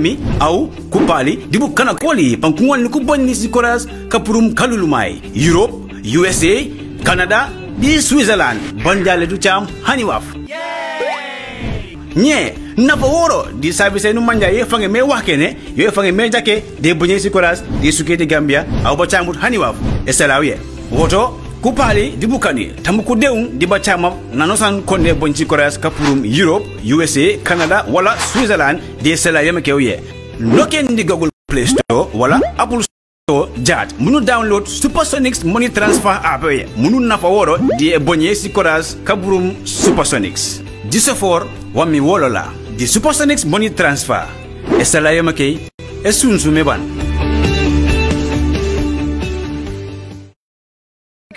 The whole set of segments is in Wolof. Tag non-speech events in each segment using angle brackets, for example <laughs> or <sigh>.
mi aw kupali dibu kana koli pankuŋol ni ni sikoras kapurum kalulumai europe usa canada di switzerland banjale du cham haniwaf nye nafa woro di service nu manja ye fange me wakene ye fange me jake de bonye sikoras di sukete gambia aw bacamut haniwaf waf esalawiye woto kupaali ndi bukani tambuku dewum ndi baccamam nanosan konne bonci koreas kapurum europe usa canada wala switzerland de sela yema kewye loken ndi google play store wala apple store jaat munu download supersonics money transfer app ye munu nafa woro di e boñe si koreas kapurum supersonics disofor wammi wolola di supersonics money transfer e sela yema e ban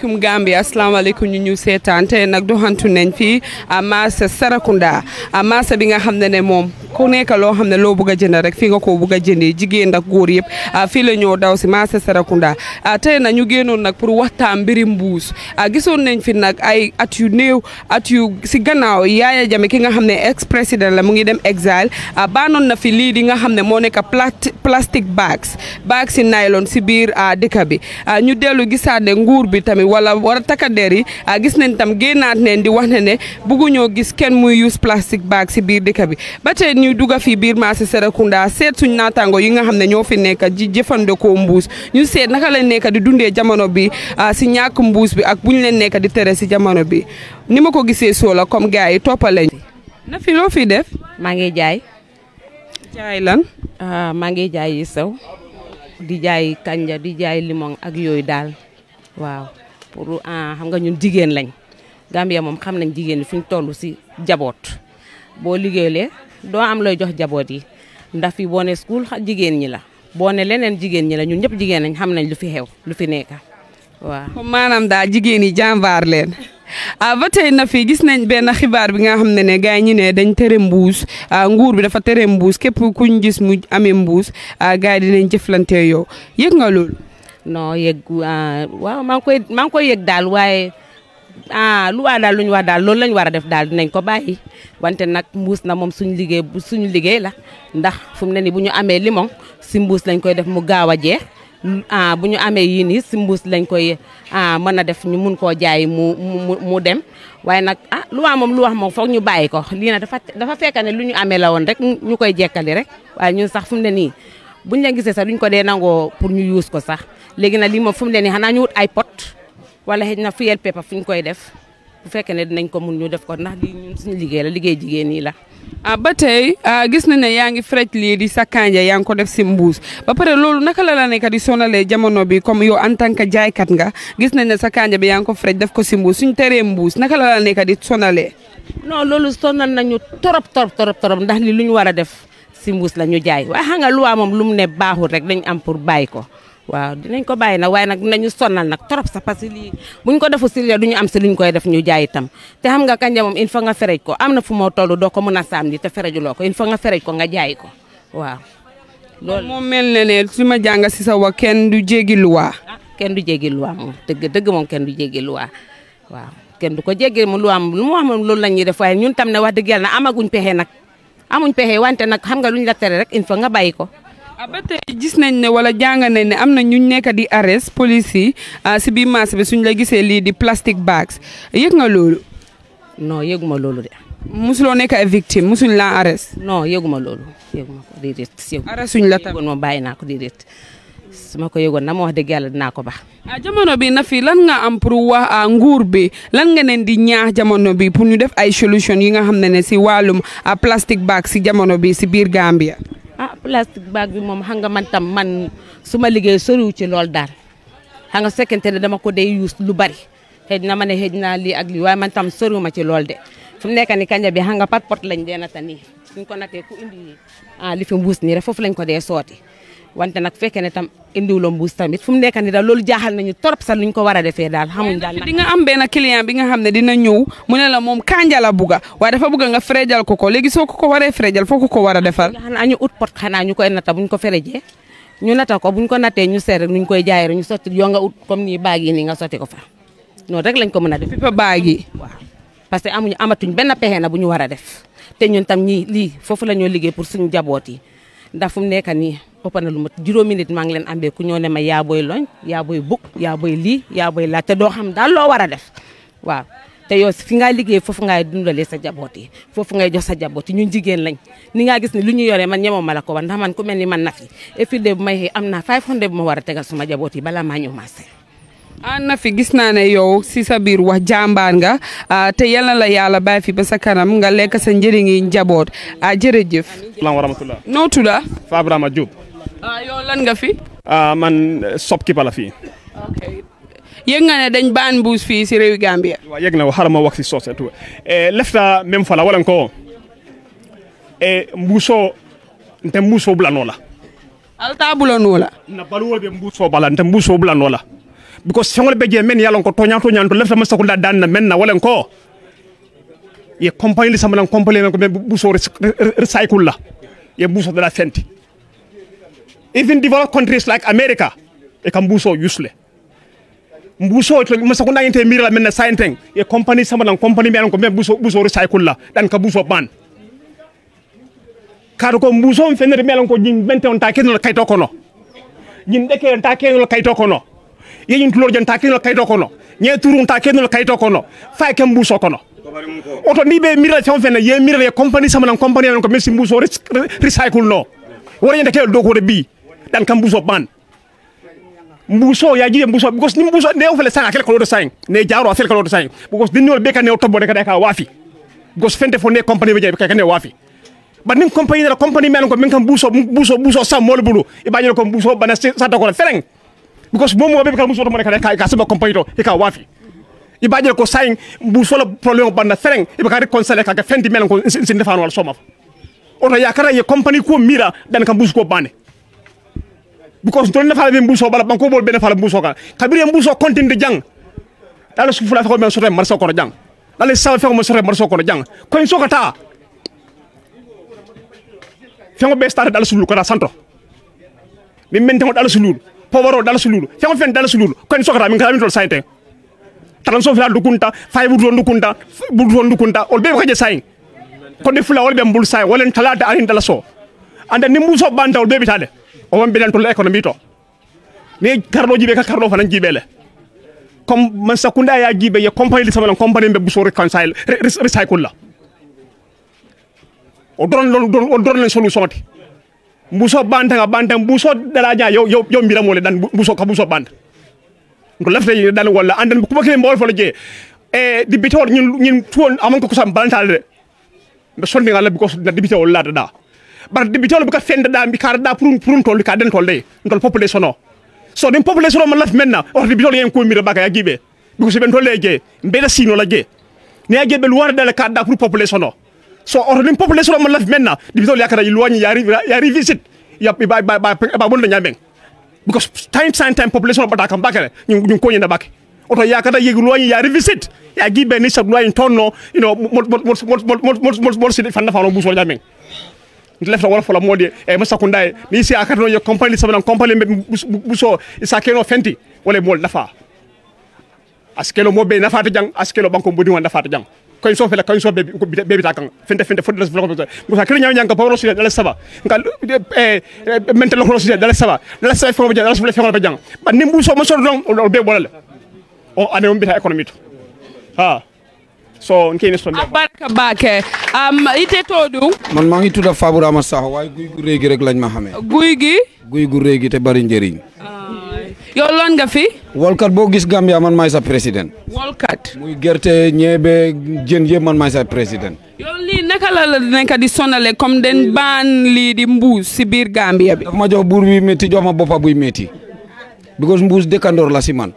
aleykum Gambia asalaamaaleykum ñu ñu seetaan tey nag doxantu nañ fii à marché Sarakunda à marché bi nga xam ne ne moom ku nekk loo xam ne loo bëgg a jënd rek fii nga koo bëgg a jëndee jigéen ak góor yëpp ah, fii la ñoo daw si marché Sarakunda ah, tey nag ñu génnoon nag pour waxtaan mbiri mbuus ah, gisoon nañ fi nag ay at yu néew at yu si gannaaw Yaaya Jammeh ki nga xam ne ex president, la mu ngi dem exil baanoon na fi lii di nga xam ne moo nekk plastic bags bags in nylon si biir dëkk bi ñu dellu gisaat ne nguur bi tamit wala war a takkadeer yi ah, gis nañ tam génnaat neen di wax ne ne bugguñoo gis kenn muy use plastique bag si biir dëkk bi ba tey ñu dugg fii biir marché Serekunda seet suñ naataango yi nga xam ne ñoo fi nekk ji jëfandikoo mbuus ñu seet naka lañ nekk di dundee jamono bi ah, si ñàkk mbuus bi ak bu ñu leen nekk di tere si jamono bi ni ma ko gisee soo la comme gars yi toppalañ na fi loo fi def maa ngi jaay jaay lan ah, maa ngi jaay yi sew di jaay kanja di jaay limon ak yooyu daal pour euh, xam nga ñun jigéen lañ Gambia moom xam nañ jigéen ñi fi ñu toll si jaboot boo liggéeylee doo am looy jox jaboot yi ndax fi boo ne school jigéen ñi la boo ne leneen jigéen ñi la ñun ñëpp jigéen lañ xam nañ lu fi xew lu fi nekk waaw. maanaam daal jigéen yi jàmbaar leen. ah ba tey na fi gis nañ benn xibaar bi nga xam ne ne gars yi ne dañ tere mbuus ah, nguur bi dafa tere mbuus képp kuñ gis mu amee mbuus ah, gars yi dinañ jëflante yow yëg nga loolu. non yëg ah, waaw maa ngi koy maa ngi koy yëg daal waaye ah, lu waa daal lu ñu wax daal loolu la war a def daal dinañ ko bàyyi wante nag mbuus na moom suñu liggéey suñu liggéey la ndax fu ne nii bu ñu amee limon si mbuus lañ koy def mu gaaw a jeex ah, bu ñu amee yii si mbuus lañ koy ah mën a def ñu mun koo jaay mu mu mu dem waaye nag ah lu waa moom lu wax moom foog ñu bàyyi ko lii nag dafa dafa fekk ne lu ñu amee la woon rek ñu koy jekkali rek waaye ñun sax fu ne nii buñ la gisee sax duñ ko dee nangoo pour ñu yuus ko sax. léegi nag lii moom fu mu leen nii xanaa ñu wut ay pot wala xëy na fiyel fu ñu koy def bu fekkee ne dinañ ko mun ñu def ko ndax lii ñun suñu liggéey la liggéey jigéen ñi la. Ah, ba tey ah, gis na ne yaa ngi frej di sa kanja yaa ngi ko def si mbuus ba pare loolu naka la la nekk di sonalee jamono bi comme yow en tant que jaaykat nga gis nañ ne sa kanja bi yaa ngi ko frej def ko si mbuus suñu teree mbuus na la la nekk di sonalee. no loolu sonal na torop torop torop torop ndax lii lu ñu war def si la ñu jaay waaye xam nga luwaa moom lu mu ne baaxul rek dañ am pour bàyyi ko waaw dinañ ko bàyyi nag waaye nag nañu sonal nag trop sax parce que lii buñ ko defu si du ñu am si luñ koy def ñu jaayitam te xam nga kanja moom il faut nga ferej ko am na fu moo toll doo ko mën a saam di te ferejuloo ko il faut nga ferej ko nga jaay ko waaw. loolu moom mel ne ne su ma jàng si sa wa kenn du jéggi luwaa. Ah, kenn du jéggi luwaa moom dëgg dëgg moom kenn du jéggi luwaa waaw kenn du ko jéggi mu luwaa lu mu wax loolu la ñuy def waaye ñun tam ne wax dëgg yàlla na amaguñ pexe nag amuñ pexe wante nag xam nga lu luñ la tere rek il nga bàyyi ko Ah, ba tey gis nañ ne wala jàng nañ ne am na ñu nekk di arrest police yi ah, si biir marché bi suñ la gisee lii di plastic bags yëg nga loolu. non yëguma loolu de. musuloo nekk ay victime musuñ laa arrest. non yëguma loolu yëguma ko déedéet. arrest suñ la tamit yëgoon naa ko déedéet. su ko yëgoon na ma wax dëgg yàlla dinaa ko baax. ah jamono bi na lan nga am pour wax ah, nguur bi lan nga leen di ñaax jamono bi pour ñu def ay solution yi nga xam ne ne si a plastic bag si jamono bi si biir Gambia. ah plastique bag bi moom xam nga man tam man su ma liggéey soriw ci lool daal xam nga sekkente ne dama ko day yuus lu bari xëy ma ne xëy naa lii ak lii waaye man tam soriw ma ci lool de fu mu nekk ni kanja bi xam nga par pot lañ dee nata nii suñ ko natee ku indi ah, li fi mbuus nii rek foofu lañ ko dee sooti wante nag fekkee ne tam indiwuloo mbuus tamit fu mu nekk ni daal loolu jaaxal nañu torop sax luñ ko war a defee daal xamuñ daal di nga am benn client bi nga xam ne dina ñëw mu ne la moom a la bugga waaye dafa bugga nga frejal ko ko léegi soo ko ko waree frejal foo ko ko war a defal xanaa ñu ut pot xanaa ñu koy nata buñ ko ferejee ko buñ ko nattee ñu koy jaayee rek ñu sotti yoo ut comme nii baag yi nii nga sotti ko fa noonu ko mën a def pipa baag yi waaw amuñu amatuñ benn pexe na bu ñu war a def te ñun tam ñi lii foofu la ñoo liggéey pour suñu jaboot yi ndax fu mu nekk nii ëpp na lu mat juróomi nit maa ngi leen ambee ku ñoo ne ma yaa booy loñ yaa booy bug yaa booy lii yaa booy laaj te doo xam daal loo war a def waaw te yow fi ngaa liggéey foofu ngay dundalee sa jaboot yi foofu ngay jox sa jaboot yi ñun jigéen lañ ni ngaa gis ne lu ñu yoree man ñemoo ma la ko war ndax man ku mel ni man na fi et puis de am naa 500 bu ma war a tegal suma jaboot yi balaa maa ñëw marché ah na fi gis naa ne yow si sa biir wax jàmbaar nga ah, te yalla la yàlla bàyyi fi ba sa kanam nga lekk sa njëriñ yi njaboot a ah, jërëjëf. salaamaaleykum wa rahmatulah. noo tudd. Ah, yow lan nga fi. Ah, man shopkeeper la fii. ok yëg nga ne dañ baan mbuus fii si réewi Gambia. waaw yëg na xaaral wax si soose tu eh, lefta même fala wala ko eh, mbuuso nte mbuuso bulanoo la. alta bulanoo la. na baluwo be mbuuso bala nte mbuuso bulanoo la. because feŋol be jee men ye ko lonko toñaa toñaa to lefta masakunda daan na men na wala ko ye compagnie li samalan compagnie ko men buuso recycle la ye buuso dala fenti even developed countries like America e kam buso yusle buso to masa kuna yente e mira men sainteng e company e sama nan company men ko men buso buso recycle la dan ka buso ban kaado ko buso fenere men ko jing 21 ta kenol kaito kono jin deke ta kenol kaito kono yeyin tulor jan ta kenol kaito kono nye turun ta kenol kaito kono fa e kem buso kono oto ni be mira fɛn fɛn ye mira ye compagnie sama na compagnie ko mesi muso recycle no wala yanda kelo doko de bi ɗankam mbuso ban mbuso mbuso because ni mbuso ne ofele sang kolodo sang ne jaro kolodo sang because dinol beka ne kada ka wafi because fente fo ne company beje ka ne wafi ba nin company la company men ko men kam buso buso buso sam e ko bana sa to ko fereng because momo be ka buso to mo kada ka ka company to e ka wafi e ko sang bana fereng e ka reconcile ka ka fente men ko sin defan wal yakara ye company ko mira dan ko bane bukos don na fala be mbuso bala banko bol ben fala mbuso ka kabir ya mbuso de jang dala sufula fula fa men marso ko jang dala sa fa ko marso ko jang ko en sokata fengo be star dala sulu ko da santo mi men tango dala sulu powaro dala sulu fengo fen dala sulu ko en sokata min kala min tol sayte tan so fula dukunta fay bu don dukunta bu don dukunta ol be ko je sayin ko de fula ol be mbul say wolen talata arin dala so anda nimbuso bandau be bitade on mbiɗen économie to ni karɗoji ɓe ka karɗo fanan jiɓele comme man sakunda ya jiɓe ye compagnie lisamalan compagnie mbe buso reconcile recycle la o doron o doron len solution te buso ɓantaga ɓantan buso ɗaraja yo yo mbiramole ɗan buso ka buso ɓanta ko lefte ɗan walla andan kuma kene mbawol folo jeye e dibite o ñin ñin tuwon aman ko kosam balantade de mbe sondiga labbi ko dibite o laada ɗa bar debbi tewlo ɓe kat fendeɗa mbi karaɗa pour pour n tolde ka den tolde n tol population o so ɗen population o ma lati maintenant oto dibi tewlo yen kommira baka yaggiɓe ɓiko so ɓen tolle e gueye mbeɗa sinola gueye ne yaggueɓe ɓe luwareɗele karaɗa pour population o so oto ɗen population o ma lati maintenant debbi tewlo yakata loigne yari visite yaɓa bonde ñamen because time time time population o ɓata kam bakere ñum koñina bake oto yakata yegi loigne ya revisite ya guiɓe ni sabu loigne tonno ino moɗ moɗ moɗ moɗ moɗ moɗ moɗ moɗ fanna fano buusoñamen lefta wala fola moodi e eh, ma musa kundaye ni si akata no yo compagnie sabana compagnie mbe buso isa keno fenti wala mol nafa askelo mo be nafa ta jang askelo banko mbodi won nafa ta jang koy so fele koy so ko be ta kan fente fente fodde flo ko ko musa kene nyaw ko pawro sile dala saba ngal e eh, eh, mente lo ko sile dala saba dala saba fo dala saba fo ba jang ba nimbu so mo so don be bolale o oh, ane on bita économique ha so nkene sonde abarka bake am ite todu man maa ngi tudda Faaburama Sakho waaye guy gu réegi rek lañ ma xamee guy gi guy gu réegi te bari njëriñ loon nga fi wolkat boo gis Gambia man maay sa président wolkat muy gerte ñeebe jën yëpp man maay sa président yow lii naka la la di sonale comme den baan lii di mbuus si biir Gambia bi buur bi métti jox ma boppa buy métti because mbuus dëkkandoor la si man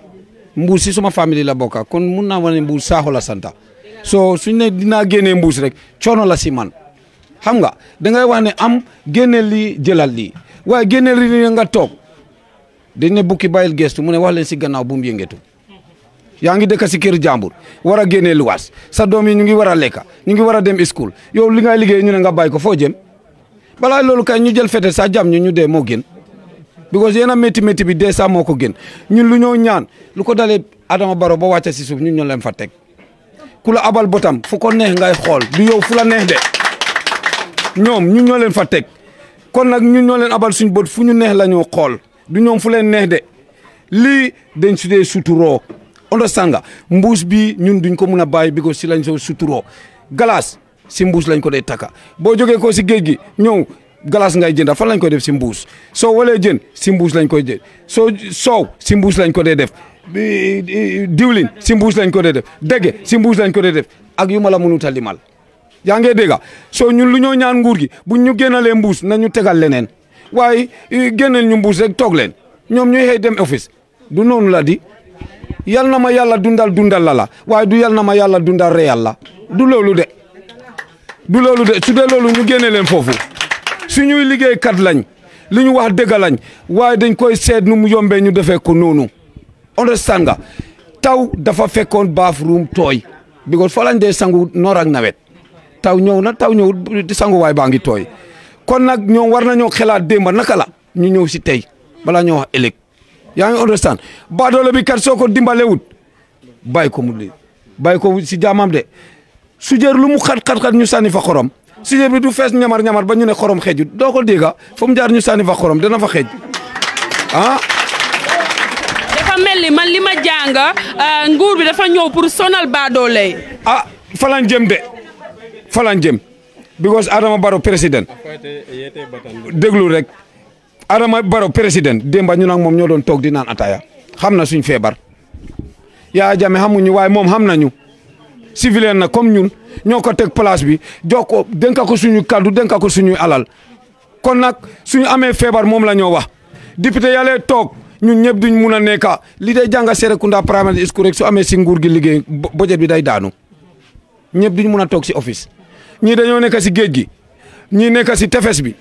mbuus si suma famille la bokka kon mun naa ma ne mbuus saaxo la santa soo suñ ne dinaa génnee mbuus rek coono la si man xam nga dangay wax ne am génne lii jëlal li waaye génne lii nga toog dañ ne bukki bàyyil gestu mu ne wax si gannaaw bu mu yaa ngi dëkk si kër jàmbur war a génne luwaas sa doom yi ñu ngi war a lekka ñu ngi war a dem school yow li ngay liggéey ñu ne nga bàyyi ko foo jëm balaa loolu kay ñu jël fete sa jam ñu ñu dee moo gën because yéen a métti métti bi dee sa moo ko gën ñun lu ñoo ñaan lu ko dalee Adama Barrow ba wàcca si suuf ñun ñoo leen fa teg ku la abal botam fu ko neex ngay xool du yow fu la neex de ñoom ñun ñoo leen fa teg kon nag ñun ñoo leen abal suñ bot fu ñu neex la ñu xool du ñoom fu leen neex de lii dañ su dee suturoo understand nga mbuus bi ñun duñ ko mun a bàyyi bi ko si lañ soo suturoo galaas si mbuus lañ ko dee takka boo jogee ko si géej gi ñëw galaas ngay jënda fan lañ ko def si mbuus soo walee jën si mbuus lañ koy jën soo soow si mbuus lañ ko dee def diwlin si mbuus lañ ko dee def dege si mbuus lañ ko dee ak yu ma la mënuta limal yaa ngi dégg soo ñun lu ñoo ñaan nguur gi buñ ñu génnalee mbuus nañu tegal leneen waaye eh, génneel ñu mbuus rek toog leen ñoom ñu xëy dem office du noonu la di yal na ma yàlla dundal dundal la la waaye du yal na ma yàlla dundal reyal la du loolu de du loolu de loolu ñu génne leen foofu suñuy liggéeykat lañ li ñu wax dëgg lañ waaye dañ koy seet nu mu yombee ñu defee ko noonu understand nga taw dafa fekkoon bathroom toy, because falan lañ dee sangu norak nawet taw ñew na taw di sangu way baangi toy kon nag ñoom war nañu xelaat demba nakala, la ñu ñew si tey bala ñoo wax on yaa ngi understand le bi kat soko dimbalé wut bay ko mu li ko si jamam de sujeer lu mu xat xat xat ñu sànni fa xorom sujeer bi du fess ñamar ñamar ba ñu ne xorom xejju do ko ah? fu mu jaar ñu fa xorom dana fa ah dafa mel ni man li ma jàng euh, nguur bi dafa ñëw pour sonal baadoole. a ah, falan jëm de falan jëm because Adama Barrow président déglu rek Adama Barrow président ñu nag moom ñoo doon toog di naan ataaya xam na suñ feebar. yaa jame xamuñu waaye moom xam nañu civilien na comme ñun ñoo ko teg place bi jox ko dénka ko suñu kaddu dénka ko suñuy alal kon nag suñu amee feebar moom la ñoo wax député toog. ñu ñëpp duñ mun a nekka li day jànga Serekunda primary school rek su amee si nguur gi liggéey budget bi day daanu ñëpp duñ mun a toog si office ñii dañoo nekk si géej gi ñii nekk si tefes bi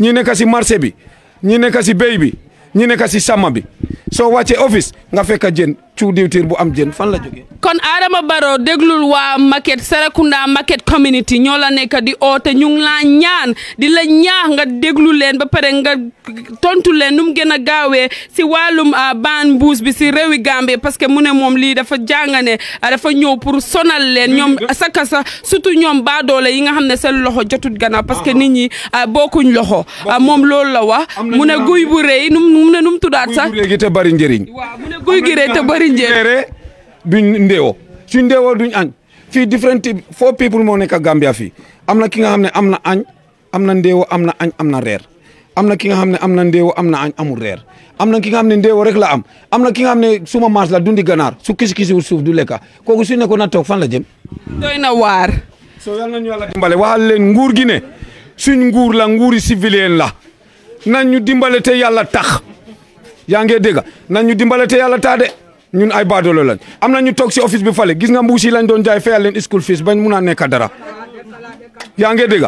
ñii nekk si marché bi ñii nekk si béy bi ñii nekk si sàmm bi soo wàccee office nga fekk a jën cuu diwtiir bu am jën fan la jógee. kon Adama Barrow déglul waa Market Serekunda Market community ñoo la nekk di oote ñu ngi laa ñaan di la ñaax nga déglu leen ba pare nga tontu leen nu mu gën a gaawee si wàllum ah, ban mbuus bi si réewi Gambie parce que mu ne moom lii dafa jàngane ah, dafa ñëw pour sonal leen ñoom saka sa surtout ñoom doole yi nga xam ne seen loxo jotut gannaaw parce que ah, nit ñi bokkuñ loxo moom loolu la wax mu guy bu rëy nu mu ne nu guy bu rëy te bari njëriñ. duñ reere duñ ndeewoo suñ ndeewoo duñ añ fii different foo people moo nekk Gambia fi am na ki nga xam ne am na añ am na ndeewoo am na añ am na reer am na ki nga xam ne am na ndeewoo am na añ amul reer am na ki nga xam ne ndeewoo rek la am am na ki nga xam ne suma maas la dundi ganaar su kisi-kisiwul suuf du lekka kooku su nekkoon na toog fan la jëm doy na waar soo yal nañu yàlla dimbale waxal leen nguur gi ne suñ nguur la nguuri civilien la nañ ñu dimbale te yàlla tax yaa ngi dégg nañ ñu dimbale te yàlla tax de ñun ay baadoolo lañ am na ñu toog si office bi fale gis nga mbuus yi lañ doon jaay fayal leen school fees bañ mun a nekk dara yaa nge dégg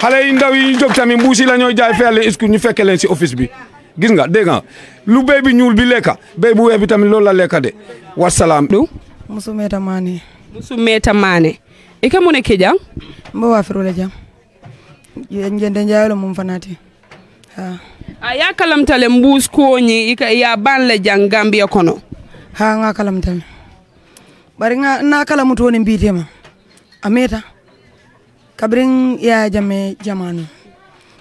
xale yi ndaw yi ñu jóg tamit mbuus yi la ñooy jaay fayal leen school ñu fekke leen si office bi gis nga dégg lu béy bi ñuul bi lekka béy bu weex bi tamit loolu la lekka de wasalaam. Musumeta Mane. Musumeta Mane. ike mu ne kijang. Mbo wafiro le jang. Njende njayo lo mumfanati. ha a ya kalamtale mbuus kuwo ñi ya ban le jang gambia kono ha nga kalamtale bari nga na kalamutu woni mbitema a meta kabirin ya jame jamanu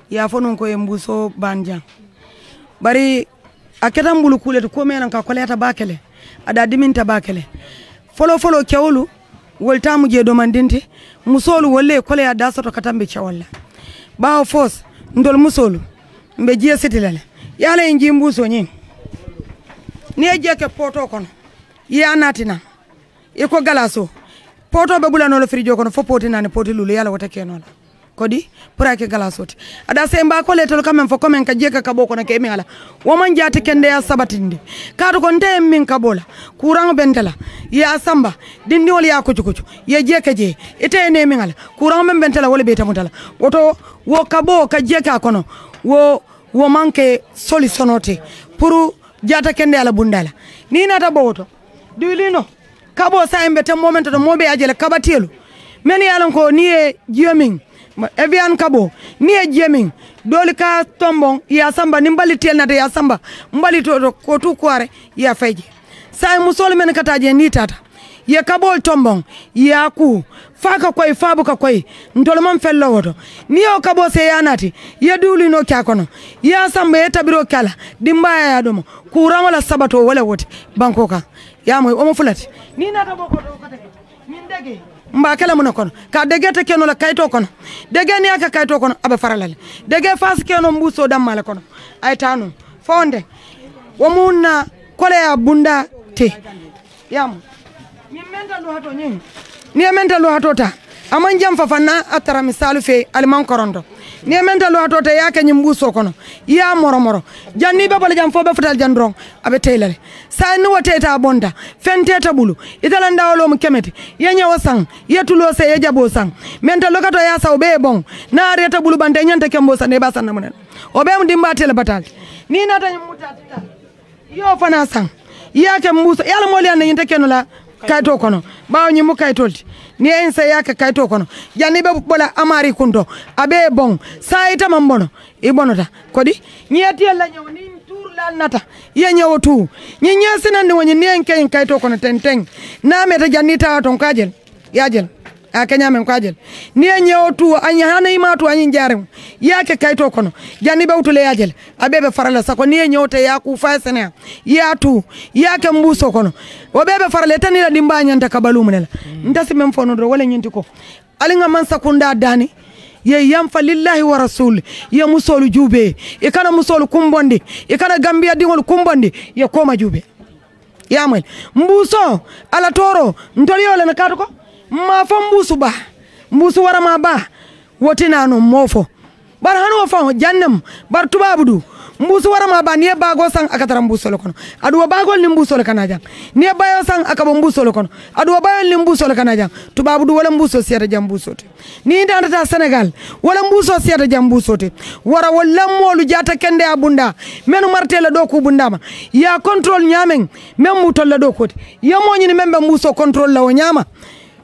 ya fonon ko mbuso ban jang bari a ketan bulu kule to ko menan ka koleta bakele ada diminta bakele folo folo kewlu woltamu je domandinte musolu wolle kole ya dasoto katambe cewolla bawo fos ndol musolu mbe jee siti lele yala ye jii mbuuso ñiŋ niŋ ke pooto kono i ye a naati naŋ galaso poto bebula bula noo le firijo kono fo poti nani poti lulu yale wo te kee kodi pura ke galaso ti ada se mba ko letol quand même fo comme ka jee kabo kono ke mi ala wo man jaati kende ya sabatindi kaatu ko nte min kabo la courant bente la dindi a ya dindiŋol ye a kocukocu ye jee ka ite ye ne min ala courant men bente la wo le beetamuta la woto wo kabo ka jee kono wo wo manke soli sonote pour jata kende ala bundala ni nata bowoto diwilino kabo sa embe te momento to mobe ajele kabatielu men yalon ko ni e jiomin evian kabo ni e jiomin doli ka tombon ya samba ni mbali tel nata ya samba mbali to ko tu kware ya feje sa musol men kataje ni tata ye kabol tombon ya ku faka ka koyi fa bu ka koyi ntolomon fel lo woto ni o kabo se yanati ye dulu no kya kono ya sambe ye tabiro kala dimba ya domo kuran wala sabato wala woti banko ka ya moy o mo fulati ni na to boko do ka tege min dege mba kala mun kono ka dege te keno la kayto kono dege ni aka kayto kono abe faralale dege fas keno mbuso dammala kono ay tanu fonde wo munna kole ya bunda te yam nyimenda do hato nyinyi niŋ ye meŋ ta luhatoo ta a maŋ janfa fanna a tara misaalu fee ali maŋ koronto niŋ ye ke ñiŋ buusoo kono ya moro moro janni jaŋ niŋ be bala jaŋ fo be futal jaŋ abe a sa ni wote le bonda fente wo bulu itala la ndawo loomu keme ti i ye ñewo saŋ se i ye jaboo saŋ meŋ ta lokato ye a saw be ye boŋ niŋ bulu bande nyanta kembo kemboo saŋ i be a ne la o bee mu dimbaa te le bataali niŋ i naata ñiŋ yo fana saŋ ya ye a ke mbuuso i ye a la moolu ye kayito kono ɓawo ñimmu kaytolde ni en sa yaka kayto kono janni ɓe ɓola amari kunto aɓe bon sa itaman bono i bonota kodi ñeetiyella ñawo ni turlal nata ye ñawo tu ñi ñesinande woñi ni en keyin kayto kono ten ten nameta janni tawa ton kajel yajel a ah, kenya men kwajel ni enye otu anya hana ima tu anyi njare yake kaito kono jani be utule yajel abebe farale sako ni enye ote ya kufa sene ya tu ya ke mbuso kono wabebe farale tani la dimba nyanta kabalu munela mm. ndasi memfono ndo wala nyinti ko alinga mansa kunda dani ye yanfa lillahi wa rasul ye musolu jube e kana musolu kumbondi e kana gambia dingol kumbondi ye koma jube yamel mbuso ala toro ntoliyole na katuko mafo mbusu ba mbusu wara ma ba woti nanu mofo bar hanu fao jannam bar tubabudu mbusu wara ma ba niye bago san aka tara mbusole kono aduwa bagol ni mbusole kana jang niye bayo san aka bo mbusole kono aduwa yo ni mbusole kana jang tubabudu du wala mbuso siyata jam busote ni ndandata senegal wala mbuso siyata jam busote wara wala molu jata kende abunda menu martela do ku bunda ma ya control nyameng memu mutol la do kote ya ni membe mbusu control la o nyama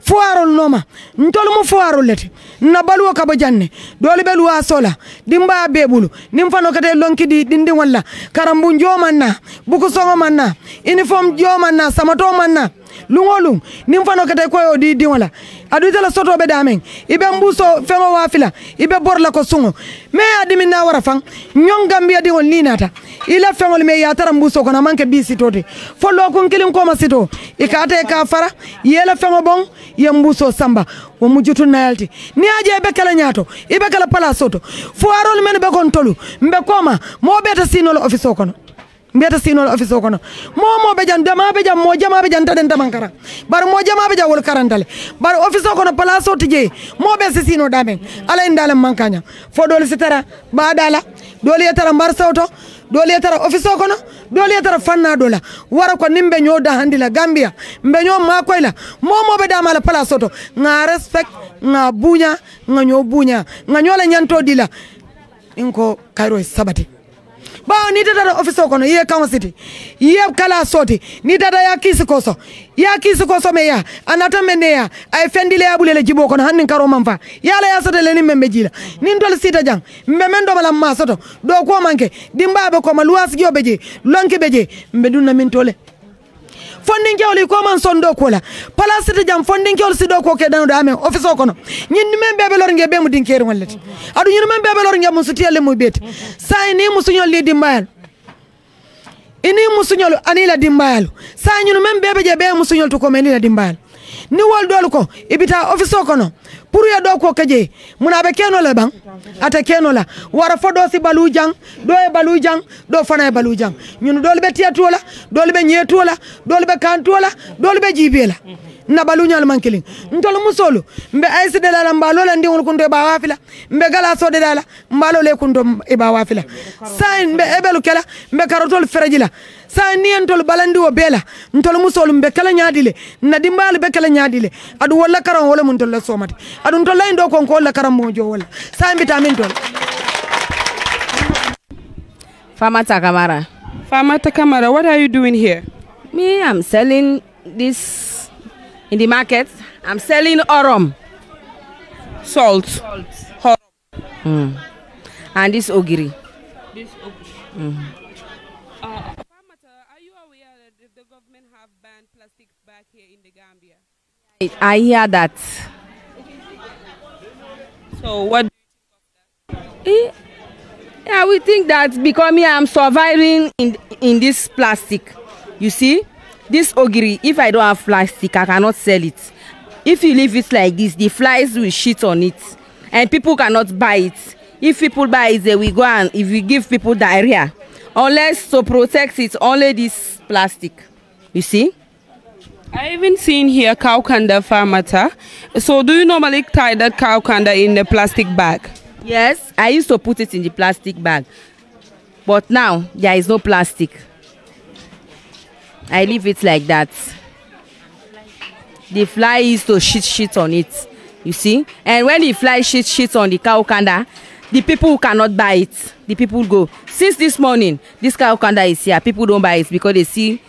fuwarol nooma ntolu mu fuwarol lete nna baluwo kabo janne doolu be luwaaso la dimbaya bee bulu niŋ fano kete lonki di dindiŋol la karambu joo maŋ na buku soŋo man na uniforme joo maŋ na samato man na lungo lung nin fano kete ko yo di diŋo la aduŋ ite la soto be damen ibe mbuso feŋo waafi la i be bor la ko suŋo me ye a dimi na wara faŋ ñoŋ gambiya diŋol niŋ naata ila fengo me ya tara mbuso kono a maŋ ke bii sito ti fo lookuŋ kiliŋ sito i ka ate ka fara yela la feŋo boŋ ye mbuso samba wo mu jutu ni ti niŋ a je i be kela ñaato ibe be kela palaso to fuwarolu mennu be kon tolu mbe koma moo beeta siinoo la ofisoo kono mbiyata sinol office o kono momoɓe jan demaɓe jan mo jamaɓe jan taɗen daman karan bar mo jama jan wol karantale bar office o kono place o tijeyi moɓe si sino dame ala en mankanya fo dole sitara ba dala dole yetara mar mbar dole yetara e office o kono dole yetara fanna dola wara ko nin ɓe ñoda handi la gambia ɓe ño makoy be dama la place o to ga respect nga buña nga ño buña ga ñola ñanto ɗila ɗin ko sabati bawo ni tata office kono ye kan siti ye kala soti ni tata ya kisi koso ya kisi koso me ya anata mende ya ay le abule bulele jibo kono hanin karo man fa la ya soto ni membe jila ni dol sita jang mbe men do malam ma soto do ko manke dimbabe ko ma luwas jo beje lonke beje mbe na min tole fondinkewol i koman sondo kola pala sita jam fondinkewol sido ko ke danu amen office o kono ñinni men bebe lor nge be mu dinkeri wallete aɗu ñinni men bebe lor nge mu sutiyelle mu beeti sa ni musuñol li dimbayal ini musuñol anila dimbayalu sa ñunu men bebe je be musuñol to komen lila dimbayal ni wol dol ko ibita office o kono pour ye do ko keje muna be keno le bang ate keno la wara fo do si balu jang do e balu jang do fana e balu jang ñun do be tiatu la do be ñe la do be kan la do be jibe la nabaluñol man kiliŋ ntolu musolu mbe ayisi de la la mbaalo e la ndiŋolu kunto i be a waafila mbe galaso de la la mbaalo le kunto i be a mbe ebelu kela mbe karotolu fereji la saayiŋ niŋ ye ntolu balandiwo bee ntolu musolu mbe kela ñaadi le na dimbaalu be kela ñaadi le aduŋ wolu la karaŋo wo le mu ntolu la soomati aduŋ ntolu la yindo jo wolla la saayiŋ bi taa Famata Kamara. Famata Kamara, what are you doing here? Me, I'm selling this in the market. I'm selling orum, salt, salt. Mm. and this ogiri. This ogiri. Mm. Uh, are you aware that the government have banned plastic back here in the Gambia? I hear that. So what? Eh, yeah, we think that because me, I'm surviving in in this plastic. You see. this ogiri if i don have plastic i cannot sell it if you leave it like this the flies will shit on it and people cannot buy it if people buy it they will go and if you give people diarrhea unless to protect it only this plastic you see. I even seen here cow candor farmata. So do you normally tie that cow candor in the plastic bag? Yes, I used to put it in the plastic bag. But now there is no plastic. I leave it like that. The fly is to shit shit on it, you see. And when the fly shit shit on the cow kanda, the people cannot buy it, the people go. Since this morning, this cow kanda is here. People don't buy it because they see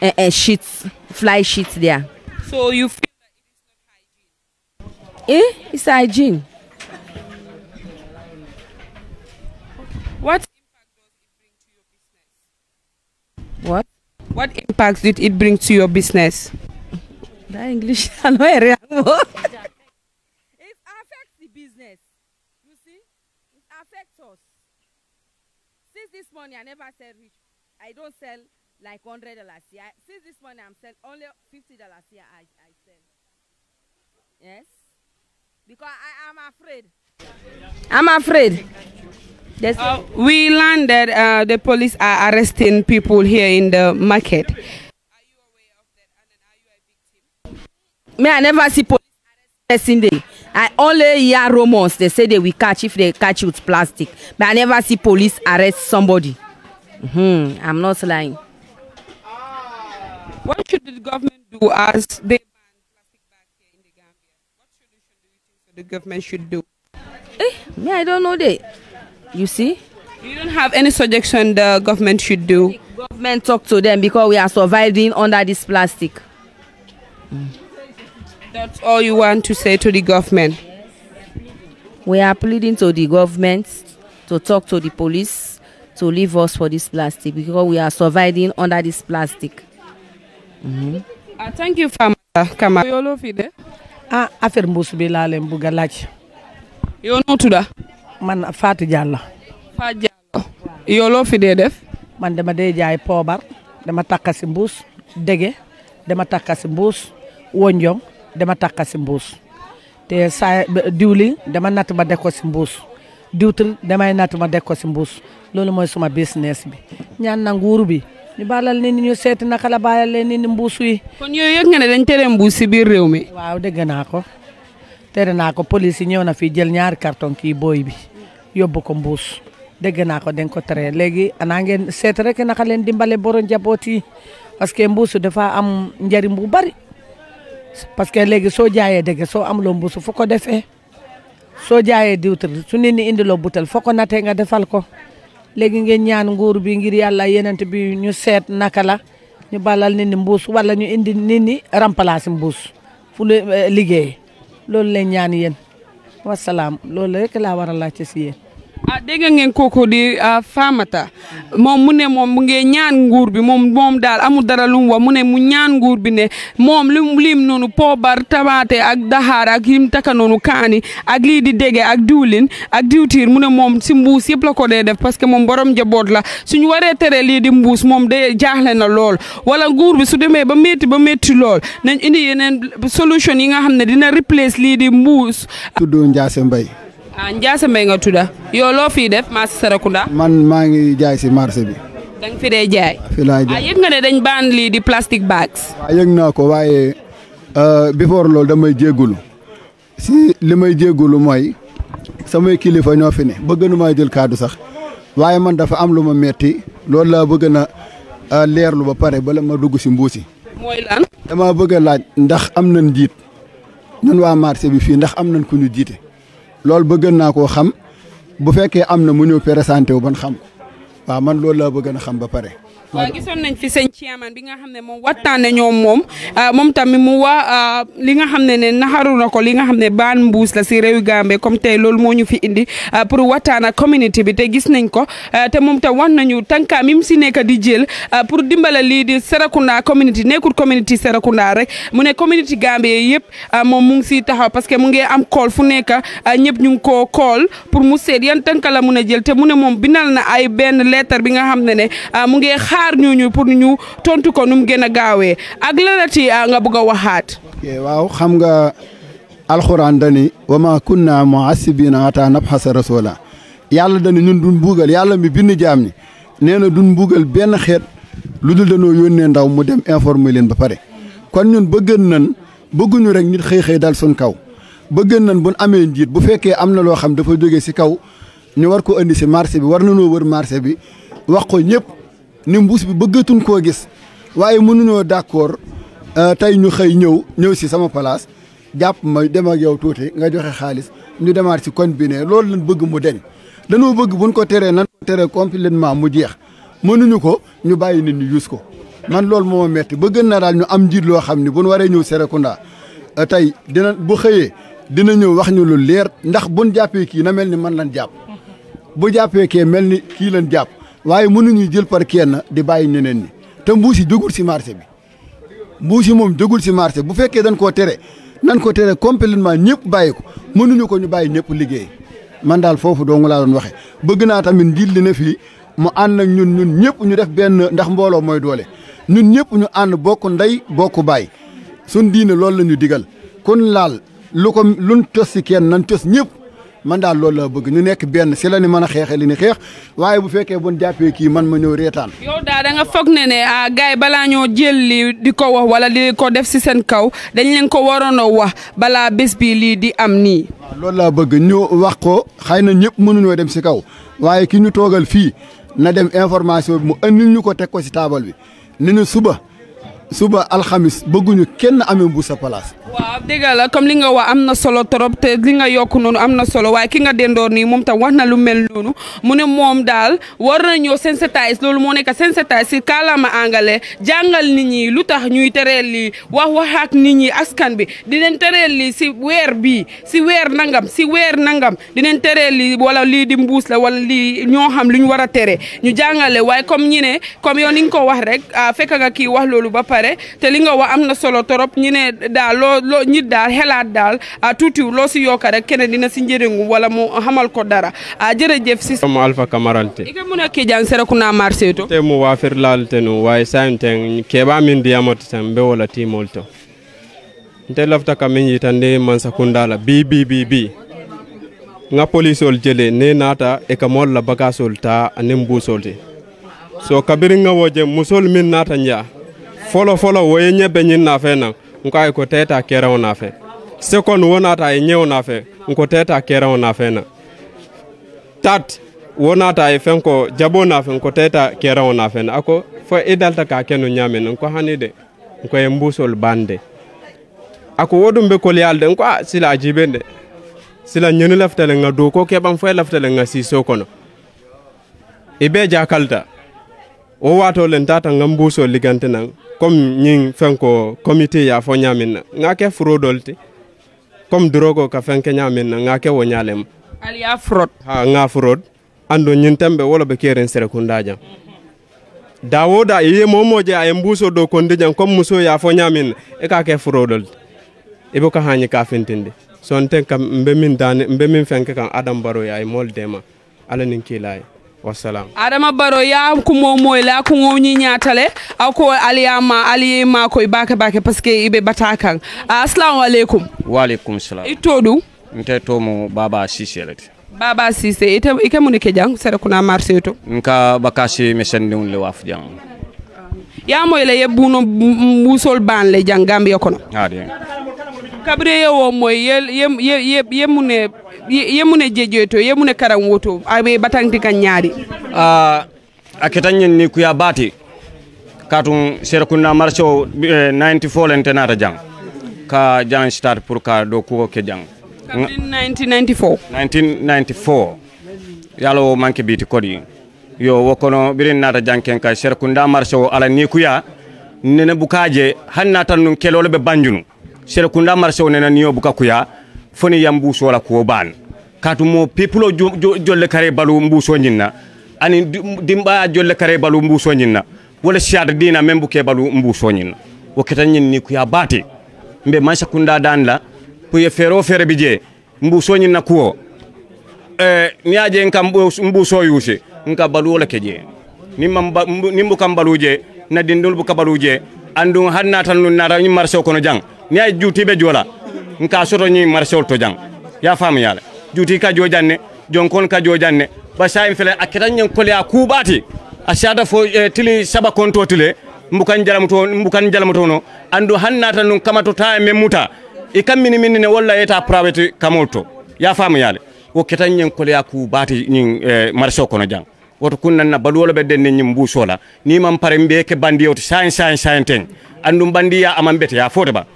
uh, uh, shit, fly shit there. So you feel like it's not hygiene? Eh? It's hygiene. What impact does it bring to your business? What? What impacts did it bring to your business? That English, <laughs> I know a It affects the business. You see, it affects us. Since this morning, I never sell rich. I don't sell like hundred dollars here. Since this morning, I'm selling only fifty dollars here. I, I sell. Yes, because I am afraid. I'm afraid. Uh, we landed. Uh, the police are arresting people here in the market. Me, I never see police arresting them. I only hear rumors. They say they will catch if they catch with plastic. But I never see police arrest somebody. Mm -hmm. I'm not lying. What should the government do as they ban plastic bags here in the Gambia? What should you think the government should do? Eh, me, I don't know that. You see? You don't have any suggestion the government should do? The government talk to them because we are surviving under this plastic. Mm. That's all you want to say to the government? We are pleading to the government to talk to the police to leave us for this plastic because we are surviving under this plastic. Mm-hmm. Uh, thank you, Farmer Kama. Yolo fide. Ah, affaire Mboussoube la len You laaj. Yo no man Fatou faat Fatou Diallo yow loo fi dee def. man dema dee jaay poobar dama takka si mbuus dege dama takka si mbuus wonjong dama takka si mbuus te saa diwli dema natt ma def ko si mbuus diwtir damay natt ma def ko si mbuus loolu mooy suma business bi ñaan na nguur bi ñu baalal ni ñu seeti naka la baalal leen ni mbuus yi. kon yooyu yëg nga ne dañ tere mbuus si biir réew mi. waaw dégg naa ko. tere nako ko police yi na fi jël ñaar carton ki boy bi yobbu ko mbuss dégg na ko den ko tere legi ana ngeen set rek naka xalen dimbalé borom njaboot parce que mbuss dafa am njariñ mbu bari parce que léegi so jaayee dégg soo amuloo mbuusu foo ko defee so jaayé diwtir su nit indi lo butel foo ko natee nga defal ko legi ngeen ñaan nguur bi ngir yenent bi ñu set naka la ñu balal nit ñi wala ñu indi nit remplacer mbuss fu eh, liggéey loolu le ñaan yéen wasalaam loolu rek laa war a si yéen. ah dégg ngeen kooku di ah, Famata moom mu ne moom mu ngi ñaan nguur bi moom moom daal amul dara lu mu mu ne mu ñaan nguur bi ne moom li mu lim noonu poobar tabaate ak daxaar ak yim taka noonu kaani ak lii di dege ak diwlin ak diwtiir mu ne moom si mbuus yëpp la ko dee def parce que moom borom njaboot la suñu waree tere lii di mbuus moom de jaaxle na lool wala nguur bi su demee ba métti ba métti lool nañ indi yeneen solution yi nga xam ne dina replace lii di mbuus. tudd Ndiasse Mbaye ah Ndiassa Mbaye nga tudda yow loo fii def marché Sarakunda. man maa ngi jaay si marché bi. da nga fi dee jaay. fi laay jaay ah, nga ne dañ di plastic bags. waaw ah, yëg naa ko waaye euh, before loolu damay jéggulu si li may jéggulu mooy samay kilifa ñoo fi ne bëgg nu maa jël amlo sax waaye man dafa am lu ma metti loolu la bëgg na euh, leerlu ba pare bala ma dugg si mbuusi. mooy lan. dama bëgg a laaj ndax am nañ ñun marché bi fii ndax am ku ñu loolu bëgg naa koo xam bu fekkee am na mu ñëw présenté wu ban xam ko waaw man loolu laa bëgg na xam ba pare. waaw gisoon nañ fi seen chairman bi nga xam ne moom waxtaane ñoom moom ah, moom tamit mu waa ah, li nga xam ne ne naxaru na ko li nga xam ne baan mbuus la si réewi Gambie comme tey loolu moo ñu fi indi ah, pour waxtaan ak communauté bi te gis nañ ko te moom tam wax nañu tànkaa mi si nekk di jël pour dimbala lii di Serekunda community nekkul community Serekunda rek mu ne community Gambie yëpp moom mu ngi siy taxaw parce que mu ngi am kool fu nekk ñëpp ñu ngi koo kool pour mu seet yan tànka la mun a jël te mu ne moom bindal na ay benn lettre bi nga xam ne ne xaar ñuñu pour ñu tontu ko nu mu gën a gaawee ak lala ci ah, nga bëgg a waxaat. waaw xam nga alxuraan dani wa ma kunna mu'assibina hatta nab'asa rasula yàlla dani ñun duñ buugal yàlla mi bind jaam ñi nee na duñ buugal benn xeet lu dul danoo yónnee ndaw mu dem informer leen ba pare kon ñun bëgg nañ bëgguñu rek ñit xëy xëy dal suñ kaw bëgg nañ bu ñu amee njiit bu fekkee am na loo xam dafa jóge si kaw ñu war ko indi si marché bi war nanoo wër marché bi wax ko ñëpp ni mbuus bi bëggatuñu koo gis waaye mënuñoo d'accord euh, tey ñu xëy ñëw ñëw si sama palaas jàpp ma dem ak yow tuuti nga joxe xaalis ñu demaat si koñ bi ne loolu lañ bëgg mu deñ dañoo bëgg buñ ko teree nan ko teree complètement mu jeex mënuñu ko ñu bàyyi nit ñu yuus ko man loolu moo metti ba gën na daal ñu am njiit loo xam ni bu nu waree ñëw Serekunda euh, tey dina bu xëyee dina ñëw wax ñu lu leer ndax buñ jàppee kii na mel ni man lan jàpp bu jàppee kee mel ni kii lan jàpp waaye mënuñu jël par kenn di bàyyi ñeneen ñi te mbuus yi jógul si marché bi mbuus yi moom jógul si marché bu fekkee dañ koo tere nan ko tere complètement ñëpp bàyyi ko mënuñu ko ñu bàyyi ñëpp liggéey man daal foofu dong laa doon waxee bëgg naa tamit njiit li fii mu ànd ak ñun ñun ñëpp ñu def benn ndax mbooloo mooy doole ñun ñëpp ñu ànd bokk ndey bokk baay sun diine loolu la ñu digal kon laal lu ko luñ tos si kenn nan tos ñëpp man daal loolu laa bëgg ñu nekk benn si la ni mën a xeexee li ni xeex waaye bu fekkee bon jàppee kii man ma ñëw reetaan yow daal da nga ne ne ah gars balaa ñoo jël li di ko wax wala di ko def si seen kaw dañ leen ko waroon a wax balaa bés bi lii di am nii waaw loolu laa bëgg ñu wax ko xëy na ñëpp mënuñoo dem si kaw waaye kii ñu toogal fii na dem information bi mu andil ñu ko teg ko si taabal bi ni ñu suba suba alxamis bëgguñu kenn amee bu sa place. waaw dégg la comme li nga wax am na solo trop te li nga yokk noonu am na solo waaye ki nga dendoor nii moom tam wax na lu mel noonu mu ne moom daal war nañoo sensitise loolu moo nekk sensitise si kàllaama angale jàngal ni ñi lu tax ñuy tereel lii wax wax ak nit ñi askan bi dinañ tereel lii si weer bi si weer nangam si weer nangam dinañ tereel lii wala lii di mbuus la wala lii ñoo xam lu ñu war a tere ñu jàngale waaye comme ñi ne comme ko wax ah, pare te li nga wa amna solo torop ñi ne lo lo loo ñit daal dal daal ah, tuutiw loo si yokk rek kene dina si njëriñu wala mu xamal ko dara ah, jef si mo alfa kamarante ike mun a kijang serakuna marché to te mu wafir te nu sante ke ba min amot tan be wala timol to nte lafta ka min yitande man la bi bi bi bi nga polisol jele ne nata e ka mol la bagasol ta anen busolte so kabiri nga woje musol min nata nya folo folo ye ɲɛ bɛ ɲini na nka i e ko teta ta kɛrɛnw fe se kɔni e wo na ta ye ɲɛw fe nko tɛ ta kɛrɛnw nafɛ na tat wona e ta ye fɛn kɔ jabo fe nko tɛ ta kɛrɛnw nafɛ na a ko fɔ i dalta k'a kenu no nko hani nko ye n busol ban de a ko wo be koliyal de nko a sila a jiben de sila ɲeni laftalen ŋa doko keɓan fo ye laftalen ŋa siso kono be jakalta o wato len tata ŋa n comme ñing fenko comité ya fo ñamin na nga ke fraudol ti comme drogo ka fenke ñamin na nga ke wo ñalem al ya fraud ha nga fraud ando ñin tembe wala be keren sere kundaja dawo da ye ja ay mbuso do konde jang comme muso ya fo ñamin e, e ka ke fraudol e bo ka hañi ka fentinde son kam mbe min dane mbe min fenke kan adam baro ya ay moldema ala nin kilay wasalam adama baro ya kumo a kuŋo ñiñatale ko aliyama aliyema koy bake bake parce que ɓe bata kan assalamu aleykum waaleykum salam itto ɗum nte tomu baba siselete baba sise ite ike muni ke jang sere kuna marché to nka bakasi mesendiŋ le waaf jang yamoy le ye buno musol ban le jang gambia kono kabire ye moy ye ye ye, ye, ye mune yemune jejeto yemune karan woto aɓe batanti kan ñaari uh, ah, a ketañin ni kuya bati katum serkunna marché o 94 eh, lentenata jang ka jang start pour ka do kuko ke jang 1994 1994 yalo manke biti kodi yo wokono birin nata janken ka serkunda marché o ala ni kuya nene bukaje hanna tan nun kelole banjunu serkunda marcho o nena niyo buka kuya foni yambuso la ko ban katumo people jolle kare balu mbuso nyinna ani dimba jolle kare balu mbuso nyinna wala shada dina membu ke balu mbuso nyinna wo ketanyin ni ku ya mbe mansha kunda dan la pu ye fero fere bije mbuso nyinna kuwo eh je nka mbuso yushe nka balu wala keje kam balu je na dindul bu kabaluje andun hanna tan nun nara ni marso kono jang niya juuti be jola nka soto ñi marché to jang ya fam yaale juti ka jojanne jonkon ka jojanne ba saim fele akita ñen kole a kubati a shada fo eh, tili saba konto tile mbukan jalamuto mbukan jalamuto no andu hannata nun kamato ta me muta e kammini min ne walla eta private kamoto ya fam yaale o kitan ñen kole a kubati ñin eh, marché kono jang woto kunnan na baluwolo be den ñim mbusola ni man pare mbeke ke bandiyo to sain sain sain ten andum bandiya aman bete ya fote ba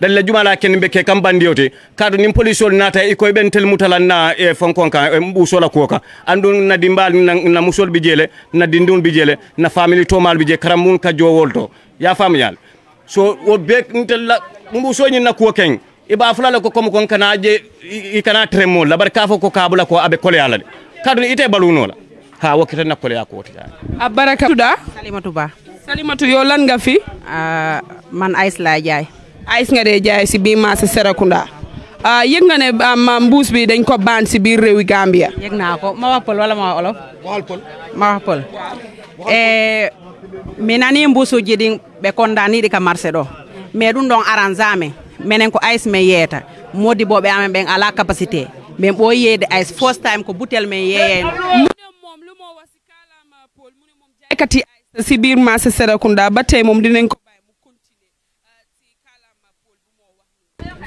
dalla jumala ken be ke kam bandiyote kadu nim polisol nata e koy ben tel na e fonkon e busola ko kan andu na dimbal na, na musol bi jele na dindun bi jele na family tomal bi je mun ka jowolto ya fam yal so wo be ntella mbusoñi na ko ken iba fulala ko kom kon kana je i kana tremo labar fo ko kabula ko abe kole ala kadu ite balunola la ha wakita na kole yakoti abaraka tuda salimatu ba salimatu yo lan nga fi uh, man ice la ice nga day jaay si biir marché ah yeg nga ne ah, mbuus bi dañ ko ban ci bi rewi Gambia. yeg naa ko ma wax pël wala ma wax olof. ma wax pël. mi eh, nani mbuusu be ɓe di ka marché ɗo mais ɗum ɗon arrangame menen ko ice men yeta modi boɓe amen ɓen ala capacité min ɓooyi yeeyde ice first time ko butel men yeeyeno mom lumo sibir kalama pol munemom jaykati si bir mom dinen ko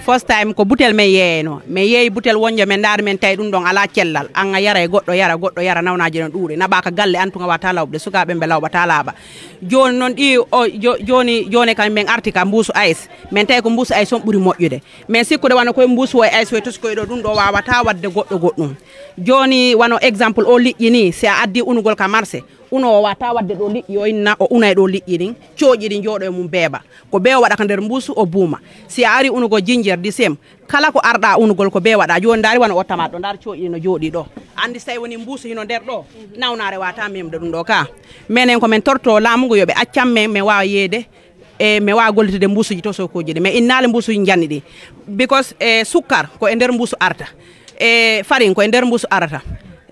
first time ko butel me yeeno min yeeyi butel wonjo men daari men tawi ɗum ɗon ala cellal an a yara e goɗɗo yara goɗɗo yara nawnaji no ɗuure naɓa ka galle antuga wata lawɓe sukaɓe ɓe lawɓata laaɓa joni noon ɗi o joni joni kam min arti ka mbuusu ice min tawi ko mbuusu ice on ɓuuri moƴƴude min sikkude wona koye mbuusu o e ice o e ɗo ɗum ɗo wawata wadde goɗɗo goɗɗum joni wano exemple o liƴƴi ni si a addi unugol ka marché uno wata wadde ɗo liƴƴi o inna o unay ɗo liƴƴi ɗin cooƴi jooɗo e mum beeba ko bee waɗa ka nder mbuusu o buuma si a ari unugol jinjer di sem kala ko arɗa unugol ko bee waɗa joni ndaari wona ottama ɗo ndaar cooƴiɗi no jooɗi ɗo andi so tawi woni mbusu hino nder ɗo mhm. nawnaare wata memde ɗum ɗo ka minen komin torto laamugo yo ɓe accan men min waawa yeeyde e mi wawa gollitude mbuusuji to sokuji ɗi mais innali mbuusuji janni ɗi because e sukkar ko e nder mbusu arata e farine ko e nder mbusu arata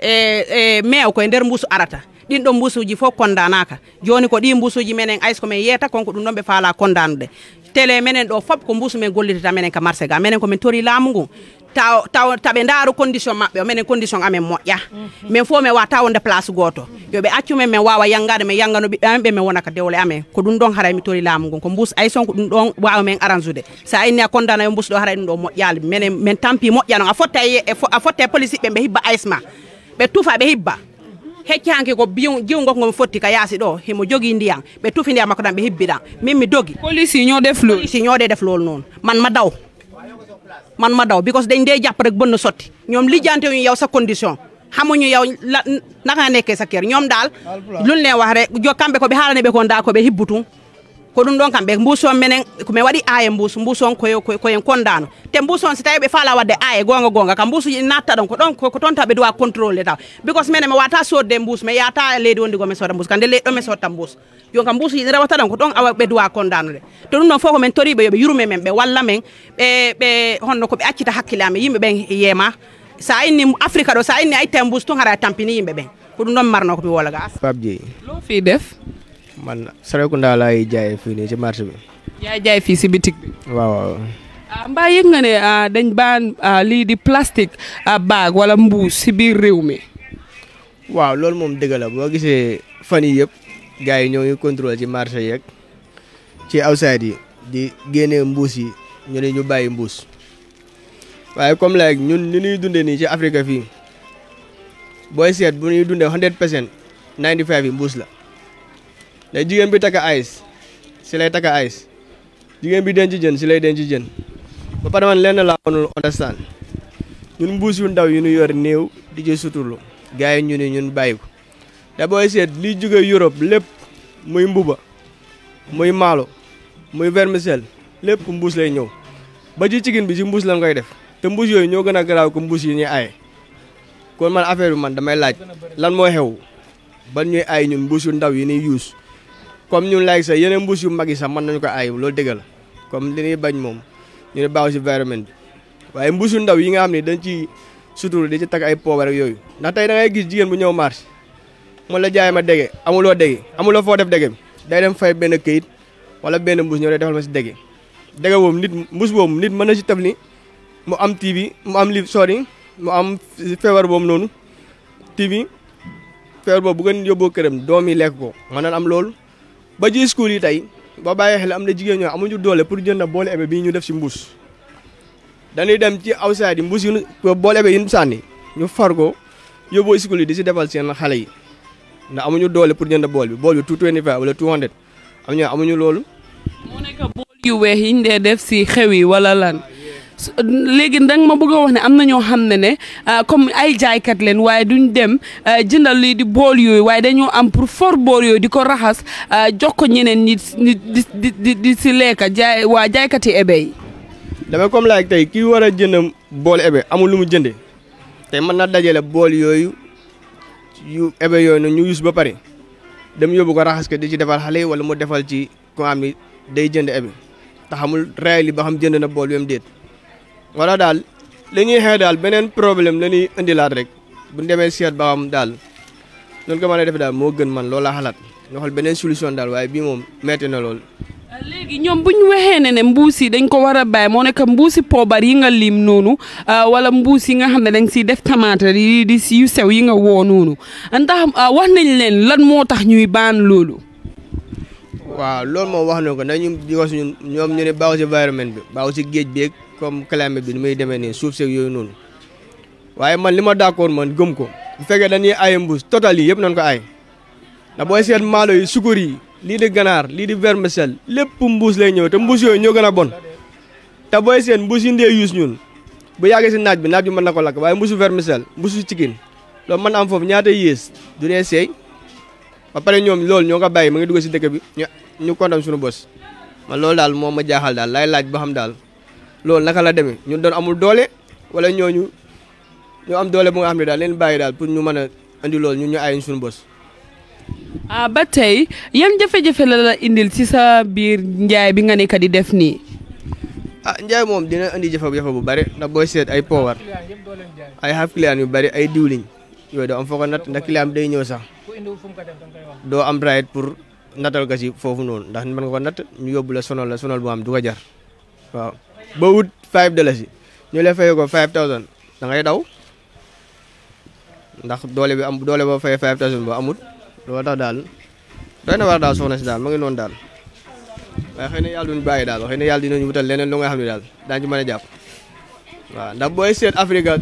e e meew ko e nder mbusu arata ɗin ɗon busuji fof kondanaka joni ko ɗi busuji menen ayso komin yeyata konko ɗum ɗon ɓe faala kondanude télé menen ɗo fop ko busu men gollitata menen ka marché ga menen komin tori laamu ngu taw taw taɓe ndaaru condition maɓɓe o minen condition amen moƴƴa min mhm. fof min wawa tawonde place goto yoɓe accumen min wawa yangade min yangano ɓiɓɓe amen ɓe min wona ka dewle amen ko ɗum ɗon haray mi tori laamu ngu ko bus ay ko ɗum ɗon wawa min arrangeude sa inni a condana yo bus ɗo haray ɗum ɗo moƴƴali menen min tampi moƴƴa noon a fotta e, e a fotta e police ɓe ɓe hibba ma ɓe tufa ɓe hibba heccanki ko jiwngo ngomi fotti ka yaasi ɗo himo jogii ndiyam ɓe tufi ndiyam makko tan ɓe hebbi ɗan min mi dogi polici ñoodef lol polici def lol noon man ma daw man ma daw because dañ dee jàpp rek bën na sotti ñoom lijjante ñu yow sa condition xamuñu yow la naka nga nekkee sa kër ñoom daal luñ leen wax rek jo kamɓe ko ɓe haalane ɓe kon daa ko ɓe hibbutu ko ɗum ɗon kam ɓe mbuson menen komin waɗi aaye mbusu mbuson koye koyen kondano te mbuson si tawi ɓe fala wadde aaye gonga gonga kam mbusu natta ɗon ko ɗon ko toon taw ɓe duwa contrôle taw because mene mi wata sodde mbusu mi yata leydi wondi gomin soda mbusu kam nde leydi ɗon mi sotta mbusu joni kam mbusu yiɗi rewata ɗon ko ɗon awa ɓe duwa kondano de to ɗum ɗon fof komin toriɓe yooɓe yurume men ɓe walla men ɓe ɓe honno koɓe accita hakkille amen yimɓe ɓen yeema sa inni afrique ɗo sa inni a itta mbusu tun hara tampini yimɓe ɓen ko ɗum ɗon marno komi wolaga pap lo fi def man Serekunda laay jaay fi ni ci marché bi. ya jaay fi ci boutique bi. waaw waaw. Ah, mba yeug nga ne ah, dañ ban ah, li di plastique bag wala mbuus ci bir rew mi. waaw lool mom deugal bo gisé fani yeb gaay ñoo ngi contrôle ci marché yek ci outside yi di gene mbuus yi ñu ne ñu bàyyi mbuus waye comme like ñun ni ñuy dundé ni ci Afrique fi boy set bu ñuy dundé 100 95 yi mbuus la lay jigen bi taka ice si lay taka ice jigen bi denc jeun si lay denc jeun ba pare man len la mënul understand ñun mbuus yu ndaw yu ñu yor neew di ci sutulu gaay ñu ne ñun bayiko da boy set li liy Europe lepp muy mbuba muy malo muy vermicelle lepp mbuus lay ñew ba ci cigin bi ci mbuus la koy def te mbuus yoy ño gëna graw ko mbuus yi ñi ay kon man affaire bi man damay laaj lan mo xew ban ñuy ay ñun mbuus yu ndaw yi ñuy use comme ñun lay sa yeneen mbuss yu magi sa man nañ ko ay lo dëgg la comme li ñuy bañ mom ñu ne baaw ci environnement waye mbuss yu ndaw yi nga xamni dañ ci sutur di ci tag ay poobar ak yoy ndax tay da ngay gis jigen bu ñew marché mo la jaay ma dege amuloo dege lo fo def dege day dem fay ben keuyit wala ben mbuss ñëw lay defal ma ci dege dege wom nit mbuss wom nit mën ci tabli ni mu am TV mu am li sori mu am fever bom nonu TV fever bo bu gën yobbo kërëm domi lek ko mën am loolu ba ji school yi tey ba bàyyi xel am na jigéen ñoo amuñu doole pour jënd bool ebe bii ñu def si mbuus dañuy dem ci aw awsaad yi mbuus yu boole ebe yi ñu sànni ñu fargo yóbboo school yi di si defal seen xale yi ndax amuñu doole pour jënd bool bi bool bi 225 wala 200 am ñoo amuñu loolu. mu nekk bool yu weex yi ñu dee def si xew yi wala lan. léegi danga ma bëgg a wax ne am na ñoo xam ne ne ah, comme ay jaaykat leen waaye duñ dem ah, jëndal lii di bool yooyu waaye dañoo am pour for bool yooyu di ko raxas ah, jox ko ñeneen ñi di di si leeka jaay waa jaaykati ebe yi. dama comme laaj tey kii war a jënd bool ebe amul lu mu jënde tey mën na dajale bool yooyu yu ebe yooyu na ñu yus ba pare dem yóbbu ko raxas ko di ci defal xale yi wala mu defal ci ko am ni day jënd ebe te xamul réel yi ba xam jënd na bool yooyu déet. wala dal li xé dal problem problème la ñuy lat rek bu ñu démé sét ba am dal ñun ko def dal mo gën man lola halat, ñu xol benen solution dal waye bi mom metti na lool léegi ñom buñ wéxé né né ne dañ ko war mbuusi yi nga lim nonu euh, wala mbuus nga xamné dañ ci def tamate yi di yu sew yi nga wo nonu ndax euh, wax nañ leen lan mo tax ñuy ban lolu waaw lool mo wax na ko di wax ñun ñom ñu né baaxu si environnement bi baaxu si géej comme climate bi nu muy demee nii suuf seeg yooyu noonu waaye man li ma d'accord man gëm ko bu fekkee dañuy aaye mbuus total yi yëpp nañ ko aay ndax booy seet maalo yi sukkur yi li di ganaar lii di ver vermicelle lépp mbuus lay ñëw te mbuus yooyu ñoo gën a bon te booy seet mbuus yi ndee yuus ñun bu yàggee si naaj bi naaj bi mën na ko lakk waaye mbuusu vermicelle mbuusu cikin loolu mën am foofu ñaata yées du dee seey ba pare ñoom loolu ñoo ko bàyyi mu ngi si dëkk bi ñu ñu kontaan suñu bos man loolu daal moo ma jaaxal daal lay laaj ba xam daal loolu naka la demee ñun doon amul doole wala ñooñu ñu am doole bu nga xam ne daal leen bàyyi daal pour ñu mën a andi loolu ñu aayuñ suñu bos. Ah, ba tey yan jafe-jafe la la indil sa biir njaay bi nga ne di def nii. a ah, njaay moom dina indi jafe-jafe bu bare ndax booy seet ay powar ay yu bari ay diwliñ yooyu doo am foo natt ndax client day ñëw sax doo am right pour nattal ko si foofu noonu ndax mën nga ko natt ñu yóbbu la sonal la sonal bu am du ko jar waaw. ba wut five dollars yi ñu la fay ko five thousand da ngay daw ndax doole bi am doole boo fay five thousand ba amut loolu tax daal doy na war daal soxna si daal ma ngi noonu daal waaye xëy na yàlla duñ bàyyi daal xëy na yàlla dinañ wutal leneen lu nga xam ne daal daañu ci mën a jàpp waaw ndax booy seet Afrique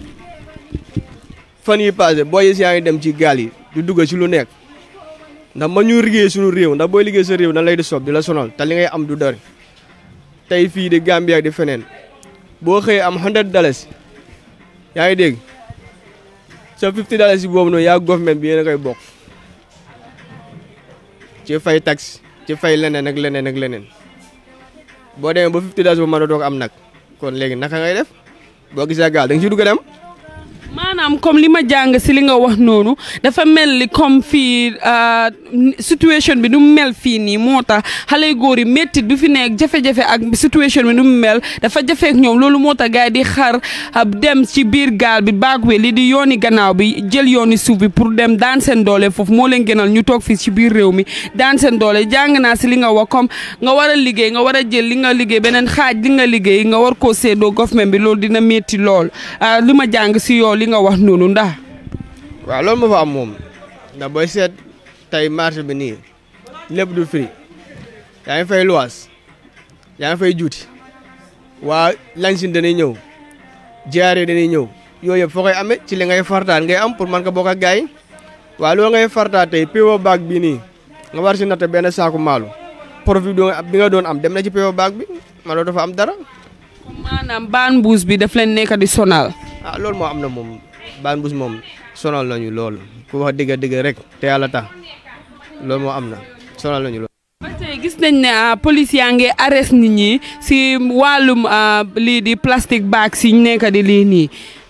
fan yi passé booy yi yaa ngi dem ci gaal yi du dugg ci lu nekk ndax ma ñu liggéey suñu réew ndax booy liggéey sa réew na lay di sob di la sonal te li ngay am du dori tey fii di Gambie di feneen boo xëyee am 100 dalasi yaa ngi dégg sa 50 dalasi boobu noonu yaa government bi yéen a koy bokk ci fay taxe ci fay leneen ak leneen ak leneen boo demee ba 50 dalasi ba mën a doog am nag kon léegi naka ngay def boo gisee gaal da nga ciy dem. maanaam comme li ma jàng si li nga wax noonu dafa mel ni comme fii euh, situation bi nu mel fii nii moo tax xale yu góor yi métti du fi nekk jafe-jafe ak situation bi nu mu mel dafa jafe ak ñoom loolu moo tax gars di xar euh, dem ci biir gaal bi baaguwe li di yooni gannaaw bi jël yooni suuf bi pour dem daan seen doole foofu moo leen gënal ñu toog fii ci biir réew mi daan seen doole jàng naa si li nga wax comme nga war a liggéey nga war a jël li nga liggéey beneen xaaj li liggéey nga war koo séedoo government bi loolu dina métti lool euh, li ma jàng si yoon li nga wax nonu ndax wa lolou ma fa am mom nah, da boy set tay marché bi ni lepp du fri yaa fay luwaas yaa fay juuti wa lansin dañuy ñëw jiyaare dañuy ñëw yooyu yëpp koy amé ci li ngay fartaan ngay am pour man ko bokk ak wa lo ngay farta tay PO bag bi ni nga war ci ben saaku malu profit bi nga doon am dem na ci pewo bag bi ma dafa am dara manam ban bus bi daf leen nekk di sonal. ah loolu mo amna mom ban bus mom sonal nañu lool ku wax diga deug rek te yalla tax loolu mo amna sonal nañu lool. ba gis nañ ne ah, police yaa arrest nit ñi si walum ah, li di plastic bag si ñu nekk di li ni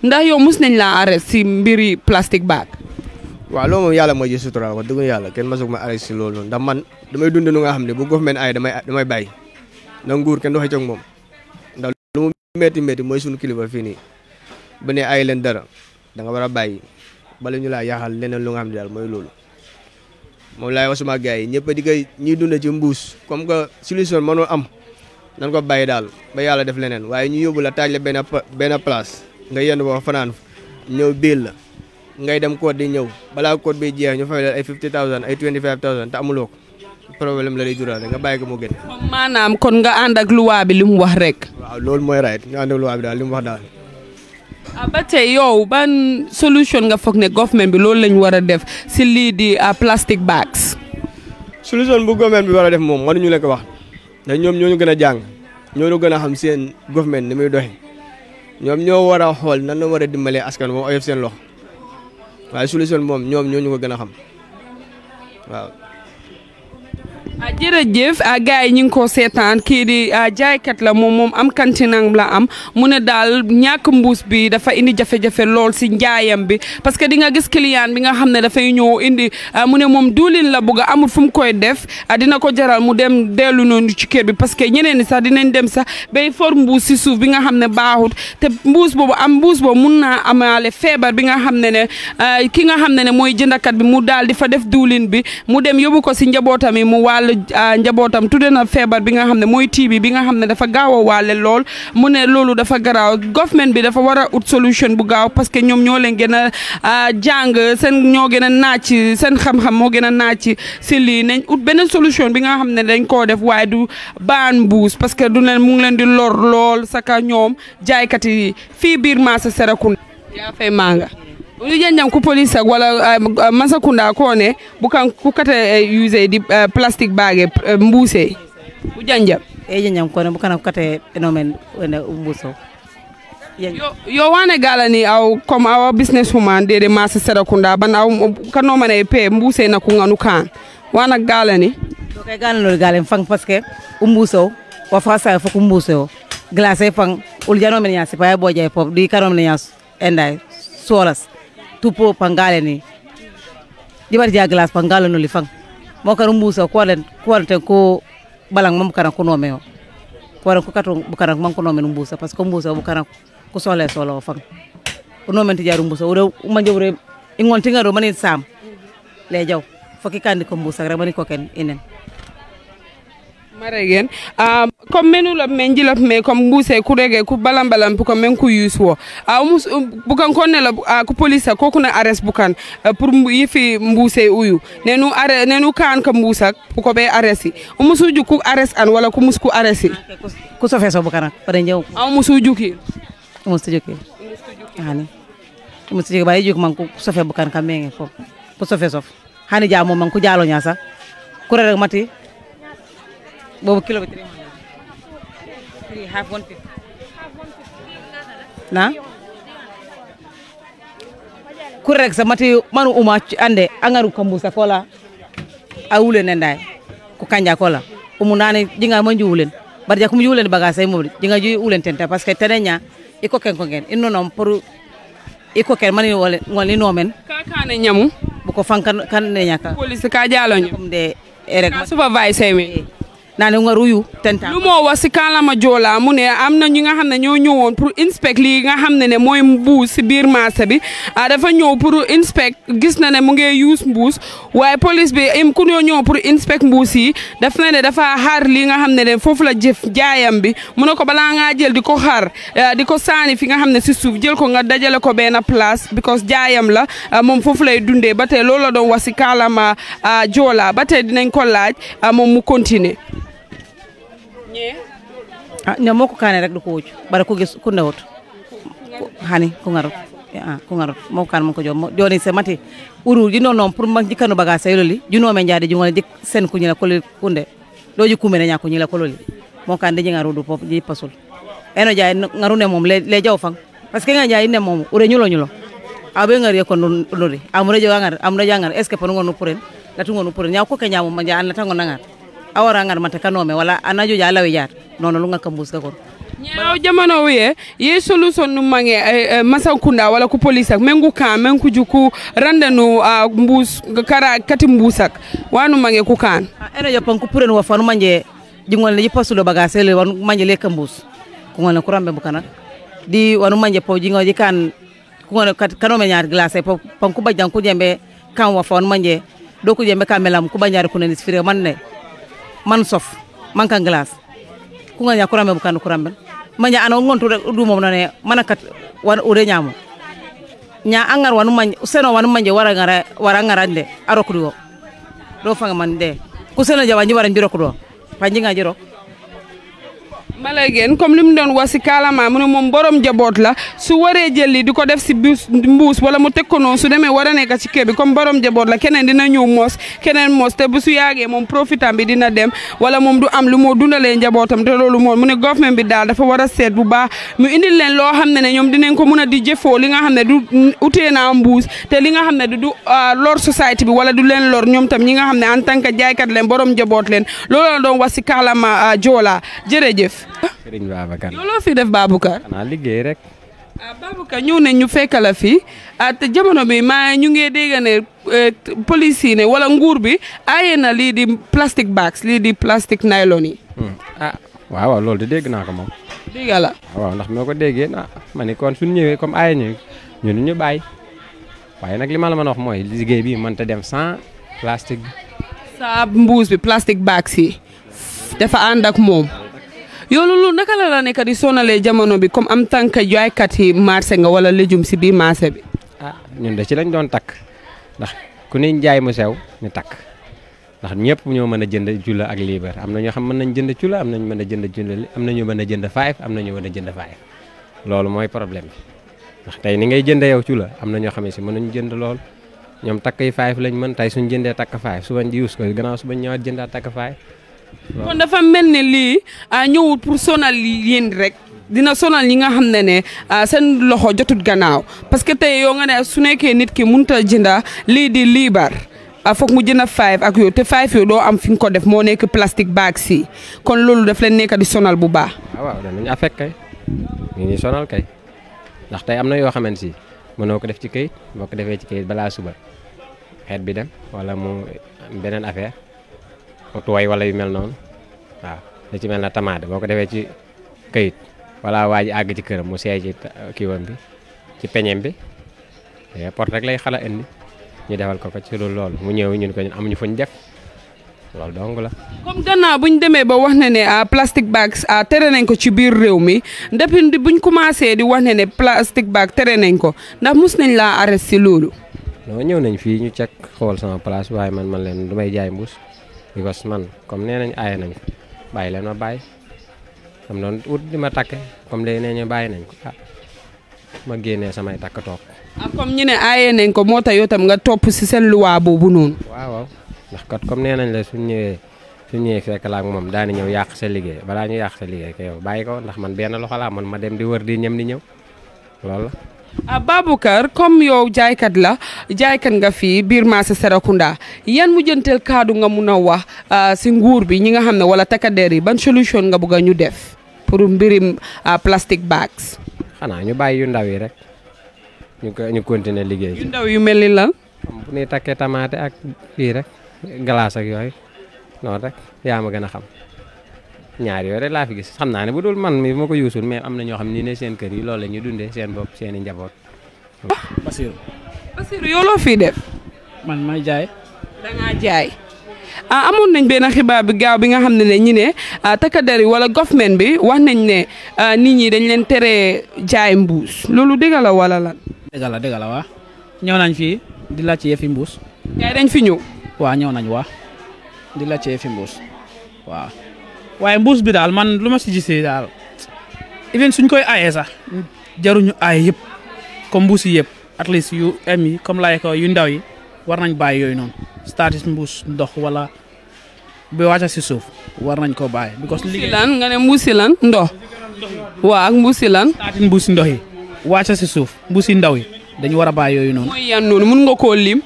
ndax yow mus nañ la arrest si mbiri plastic bag. wa loolu moom yalla moy ji sutural ko deug yalla ken masuk ma arrest si loolu noonu ndax man damay dund nu nga xamne bu government ay damay damay bay na nguur ken do mom metti metti moy sunu kilifa fii nii bu ne ay len dara da nga wara bayyi bàyyi bala ñu laa yaaxal leneen lu nga am dal moy lolu mom lay wax suma gaay ñepp di gay ñi dund ci mbuus comme que solution mënul am nan ko bayyi dal ba yalla def leneen waye ñu yóbbu la taaj la ben ben place nga yenn bo fanan ñew bil la ngay dem code di ñew bala code bi jeex ñu fay la ay 50000 ay 25000 ta amuloko problème la lay jural nga bàyyi ko moo gën. kon nga and ak loi bi li wax rek. waaw lool moy right nga and ak bi dal li wax dal abate ah, ban solution nga foog ne government bi lool lañ wara def si li di ah, plastic bags. solution bu government bi wara def mom manu ñu lek wax da ñom ñoo ñu jang ñoo ñu gëna xam seen government ni muy doxé ñom ñoo wara xol nan la wara dimbalé askan mom, oyof seen lox waay solution mom ñom ñoo ñu ko gëna xam waaw. Ah, jërëjëf ah, gars yi ñu ngi ko seetaan kii di ah, jaaykat la moom moom am kantinam la am mu ne daal ñàkk mbuus bi dafa indi jafe-jafe lool si njaayam bi parce que di nga gis client bi nga xam ne dafay ñëw indi mu ne moom diwlin la bëgg amul fu mu koy def dina ko jaral mu dem dellu noonu ci kër bi parce que ñeneen ni sax dinañ dem sax bay for mbuus si suuf bi nga xam ne baaxut te mbuus boobu am mbuus boobu mun naa amaale feebar bi nga xam ne ne ki nga xam ne ne mooy jëndakat bi mu daal di fa def diwlin bi mu dem yóbbu ko si njabootam yi wàll ah, njabootam tudde na feebar bi nga xam ne mooy TB bi nga xam ne dafa gaaw a waale lool mu ne loolu dafa garaaw government bi dafa war a ut solution bu gaaw parce que ñoom ñoo leen gën a ah, jàng seen ñoo gën a naaj seen xam-xam moo gën a naaj ci si lii nañ ut benn solution bi nga xam ne dañ koo def waaye du baan buus parce que du leen mu ngi leen di lor lool saka ñoom jaaykat yi fii biir marché Serekunda yaa fay ulija ñanku police wala uh, um, um, masa kunda akone bukan kukata uh, use di uh, plastic bag uh, mbuse ujanjam eje eh, ñam kone bukan kukata enomen wende mbuso yo, yo wane gala ni au comme awa business woman dede masa sera kunda ban aw um, kano na pe mbuse na kunganu kan wana gala ni to gala no gala mfang parce que umbuso wa fa sa fa kumbuso glace fang ul jano men ya sipa boje pop di karom ne endai solas tupo pangale ni jibar ja glas pangale no lifang mo kan musa ko len ko ten ko balang mam ko no meo ko ran ko kato bukana mam kuno men musa parce que musa bukana ko sole solo fang no men jaru musa ore ma jowre ingon tingaro manin sam le jaw foki kan ko musa ra mani ko ken inen maregen um, comme menu la men jilop me comme mbuse ku rege ku balam balam ko men ku use wo a mus bu bukan ko la uh, ku police ko kuna arrest bukan uh, ah, pour yifi mbuse uyu nenu are nenu kan ka ku ko be arresti ju ku arrest an wala ku musku arresti ku so feso bukan pare nyaw a ju ki ju ki hani ju ba yijuk man ku so fe me kamenge fo ku so feso hani jamo man ku jalo ku kurere mati boobu kilo bi 300 prix half 150 na kurek mati manu uma ande angaru kambusa kola awule nendai ku kanja kola umunane jinga manju ulen barja kum julen baga sai mo jinga tenta parce que tenenya iko ken kongen inno nom pour iko ken mani wole ngoli nomen ka kane nyamu bu ka jalo nyu de erek ka supervise me eh. naane ngaruyu tenta lu moo wax si kaalama joola mu ne am na ñi nga xam ne ñoo ñëwoon pour inspect lii nga xam ne ne mooy mbuus si biir marché bi ah, dafa ñëw pour inspect gis na ne mu ngi use mbuus waaye police bi im ku ñoo ñëw pour inspect mbuus yi daf na ne dafa xaar lii nga xam ne ne foofu la jëf jaayam bi mu ne ko balaa ngaa jël di ko xaar eh, di ko saani fi nga xam ne si suuf jël ko nga dajale ko benn place because jaayam la eh, moom foofu lay dundee ba tey loolu la doon wax si kaalama ah, joola ba tey dinañ ko laaj ah, moom mu continuer ah ñoom moo ko rek du ko wucc bare ku gis ku ndewut hani ku ku joni se mati uru jino noon pour ma jikkanu baga sayololi junome njaade sen ku ko kololi moo kaane de jingarudu pop ji pasul eno jaay le le jaw fang parce que nga jaay ne moom ure ñulo ñulo abe ngari ko amure ngar est ce que pon ngonu latu ngonu ke ma an awara awaranga mata me wala anajo ya we yar nono lunga kambuska kon nyaaw jamano ye ye solution nu mange eh, eh, eh, masan kunda wala ku police ak mengu ka men juku randa nu uh, mbus kara kati mbusak wanu mange ku kan ene jopan ku puren wa fanu manje jingol ni pasulo bagase le wanu manje le kambus ku ngol ku rambe bukana di wanu manje po jingol kan ku ngol me nyar glace po pan ku bajan ku jembe kan wa fanu manje do ku jembe kamelam ku banjar ku ne sfire manne man sof man ka glace ku ga ña kurame bu kan kurambe ma ña ana ngontu rek du mom na ne man kat wan ure ñamu ña angar wanu man seno wanu manje wara ngara wara ngarande aro kudo do fanga man de ku seno jaba ñu wara njuro kudo fanjinga jiro Maleye Guène comme li mu doon wax si kaalama mu ne moom borom jaboot la su waree jël li di ko def si buus mbuus wala mu teg ko su demee war a nekk ci kër bi comme borom jaboot la kenen dina ñëw moos keneen moos te bu su yaagee moom profitam bi dina dem wala moom du am lu moo dundalee njabootam te loolu moom mu ne government bi daal dafa war a seet bu baax mu indil leen loo xam ne ne ñoom dinañ ko mun a di jefoo li nga xam ne du utee naa mbuus te li nga xam ne du du ah, lor société bi wala du leen lor ñoom tam ñi nga xam ne tant que jaaykat leen borom jaboot leen loolu la wax si kaalama ah, joola jërëjëf Serigne Babacar yow loo fi def Babacar. xanaa liggéey rek. ah ñëw nañ ñu fekk la fi ah te jamono bi maa ñu ngi dégg ne eh, police ne wala nguur bi aaye na lii di plastic bags lii di plastic nylon yi. Hmm. ah waaw waaw loolu de dégg naa ko moom. dégg la ah, waaw ndax moo ko déggee ah ma ne kon suñu ñëwee comme aaye ñu ñun ñu bàyyi waaye nag li ma la mën a wax mooy liggéey bi mën ta dem sans plastique bi. sa mbuus bi plastic bags yi dafa ànd ak moom. yow loolu naka la la nekk di sonalee jamono bi comme am tànk jaaykat yi marché nga wala léjum si bii marché bi. ah ñun de ci lañ doon takk ndax ku ne jaay mu sew ñu takk ndax ñëpp ñoo mën a jënd jula ak liibar am na ñoo xam mën nañu jënd jula am nañu mën a jënd jula am nañu mën a jënd five am nañu mën a jënd five loolu mooy problème bi ndax tey ni ngay jëndee yow jula am na ñoo xam ne mën mënuñ jënd lool ñoom takk yi five lañ mën tey suñ jëndee takk five subañ di us ko gannaaw subañ ñëwaat jëndaat takk five kon dafa melni li lii ah, ñëwul pour sonal yeen rek dina sonal ñi nga xamne ne ah, sen loxo jotut gannaaw parce que tay yo nga ne su nekké nit ki munta jinda li di a ah, foog mu jina five ak yo te five yo do am fiñ ko def mo nekk plastique bag si kon lolu daf leen nekk di sonal bu baax. waaw dañu affect kay ñi ngi sonal kay ndax tay amna yo yoo si mënoo def ci kayit defé ci kayit bala suba xet bi dem wala mu benen affaire. tooy wala yu mel noonu waaw li ci mel na tamaate boo ko defee ci kayit wala waa ji àgg ci këram mu seey ci kiiwam bi ci peñeem bi eh, porte rek lay xala indi ñu defal ko ko ci lu loolu mu ñëw ñun ko ñun amuñu fuñ def loolu dong la. comme gannaaw bu demee ba wax na ne ah, plastic a ah, tere nañ ko ci biir réew mi depuis buñ commencé di wax ne ne plastic bag tere nañ ko ndax mus nañ laa arrêté si loolu. non ñëw nañ fii ñu cek xool sama place waaye man man leen du may because man comme nee nañ aaye nañ ko bàyyi leen ma bàyyi xam doon ut di ma takk comme léegi nee ñu bàyyi nañ ko ah ma génnee samay takk toog. ah comme ñu ne aaye nañ ko moo tax yow tam nga topp si seen luwaa boobu noonu. waaw waaw ndax kat comme nee nañ la suñ ñëwee suñ ñëwee fekk moom daa moom ñëw yàq sa liggéey balaa ñu yàq se liggéey ko yow bàyyi ko ndax man benn loxo laa man ma dem di wër di ñem ni ñëw loolu la. Ah, Babukar, comme yow jaaykat la jaaykat nga fi biir marché serakunda yan mujjanteel kaddu nga mun a wax ci ah, nguur bi ñi nga xamne wala takader yi ban solution nga bëgg ñu def pour mbirim ah, plastic bags. xana ñu bàyyi yu ndaw yi rek ñu ñu continuer liggéey. yu ndaw yu melni lan. bu ne takke tamate ak kii rek glace ak yoy noonu rek yaa ma xam. ñaar yore laa fi gis xam naa ne bu dul man mi ma ko yuusul mais am na ñoo xam ni ne seen kër yi loolu la ñuy dundee seen bopp seen i njaboot. Ah, Basiru. Basiru yow loo fii def. man may jaay. da ngaa jaay. ah amoon nañ benn xibaar bi gaaw bi nga xam ne ne ñi ne ah, takadar yi wala government bi wax nañ ne ah, nit ñi dañ leen tere jaay mbuus loolu dëgg la wala lan. dëgg la dëgg waa ñëw nañ fii di laajte yëfi mbuus. gars dañ fi ñëw. waa ñëw nañ waa di laajte fi mbuus waaw. waaye mbuus bi daal man lu ma si gisee daal even suñ koy aayee sax jaruñu ay yëpp comme mbuus yëpp at least yu am yi ko uh, yu ndaw yi war nañ bàyyi yooyu noonu status mbuus ndox wala bi wàcca si suuf war nañ ko bàyyi. because liggéey lan nga ne mbuusi lan ndox. waa ak mbuusi lan. status mbuusi ndox yi wàcca si suuf mbuusi ndaw yi dañu war a bàyyi yooyu noonu. mooy yan noonu mun nga koo lim.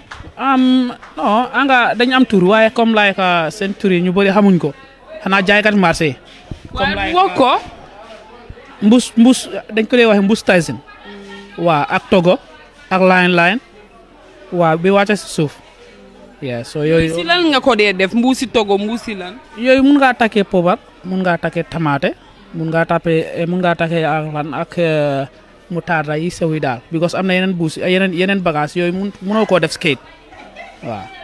non anga dañu am tur waaye comme laay ka uh, seen tur ñu bëri xamuñ ko. xanaa jaaykat marché. comme laay waaw ko. mbus mbus dañ ko lay waxee mbus Tyson. waa ak Togo. ak line line. waa bi wàcce si suuf. yaa soo yooyu si lan nga ko dee def si mbuusi mbus si lan. yooyu mun ngaa takkee poobar mun ngaa takkee tamaate mun ngaa tappee eh, mun ngaa takkee ak lan eh, ak moutarda yi sew yi daal because am na yeneen mbuus yeneen yeneen bagage yooyu mun munoo koo def skate waaw.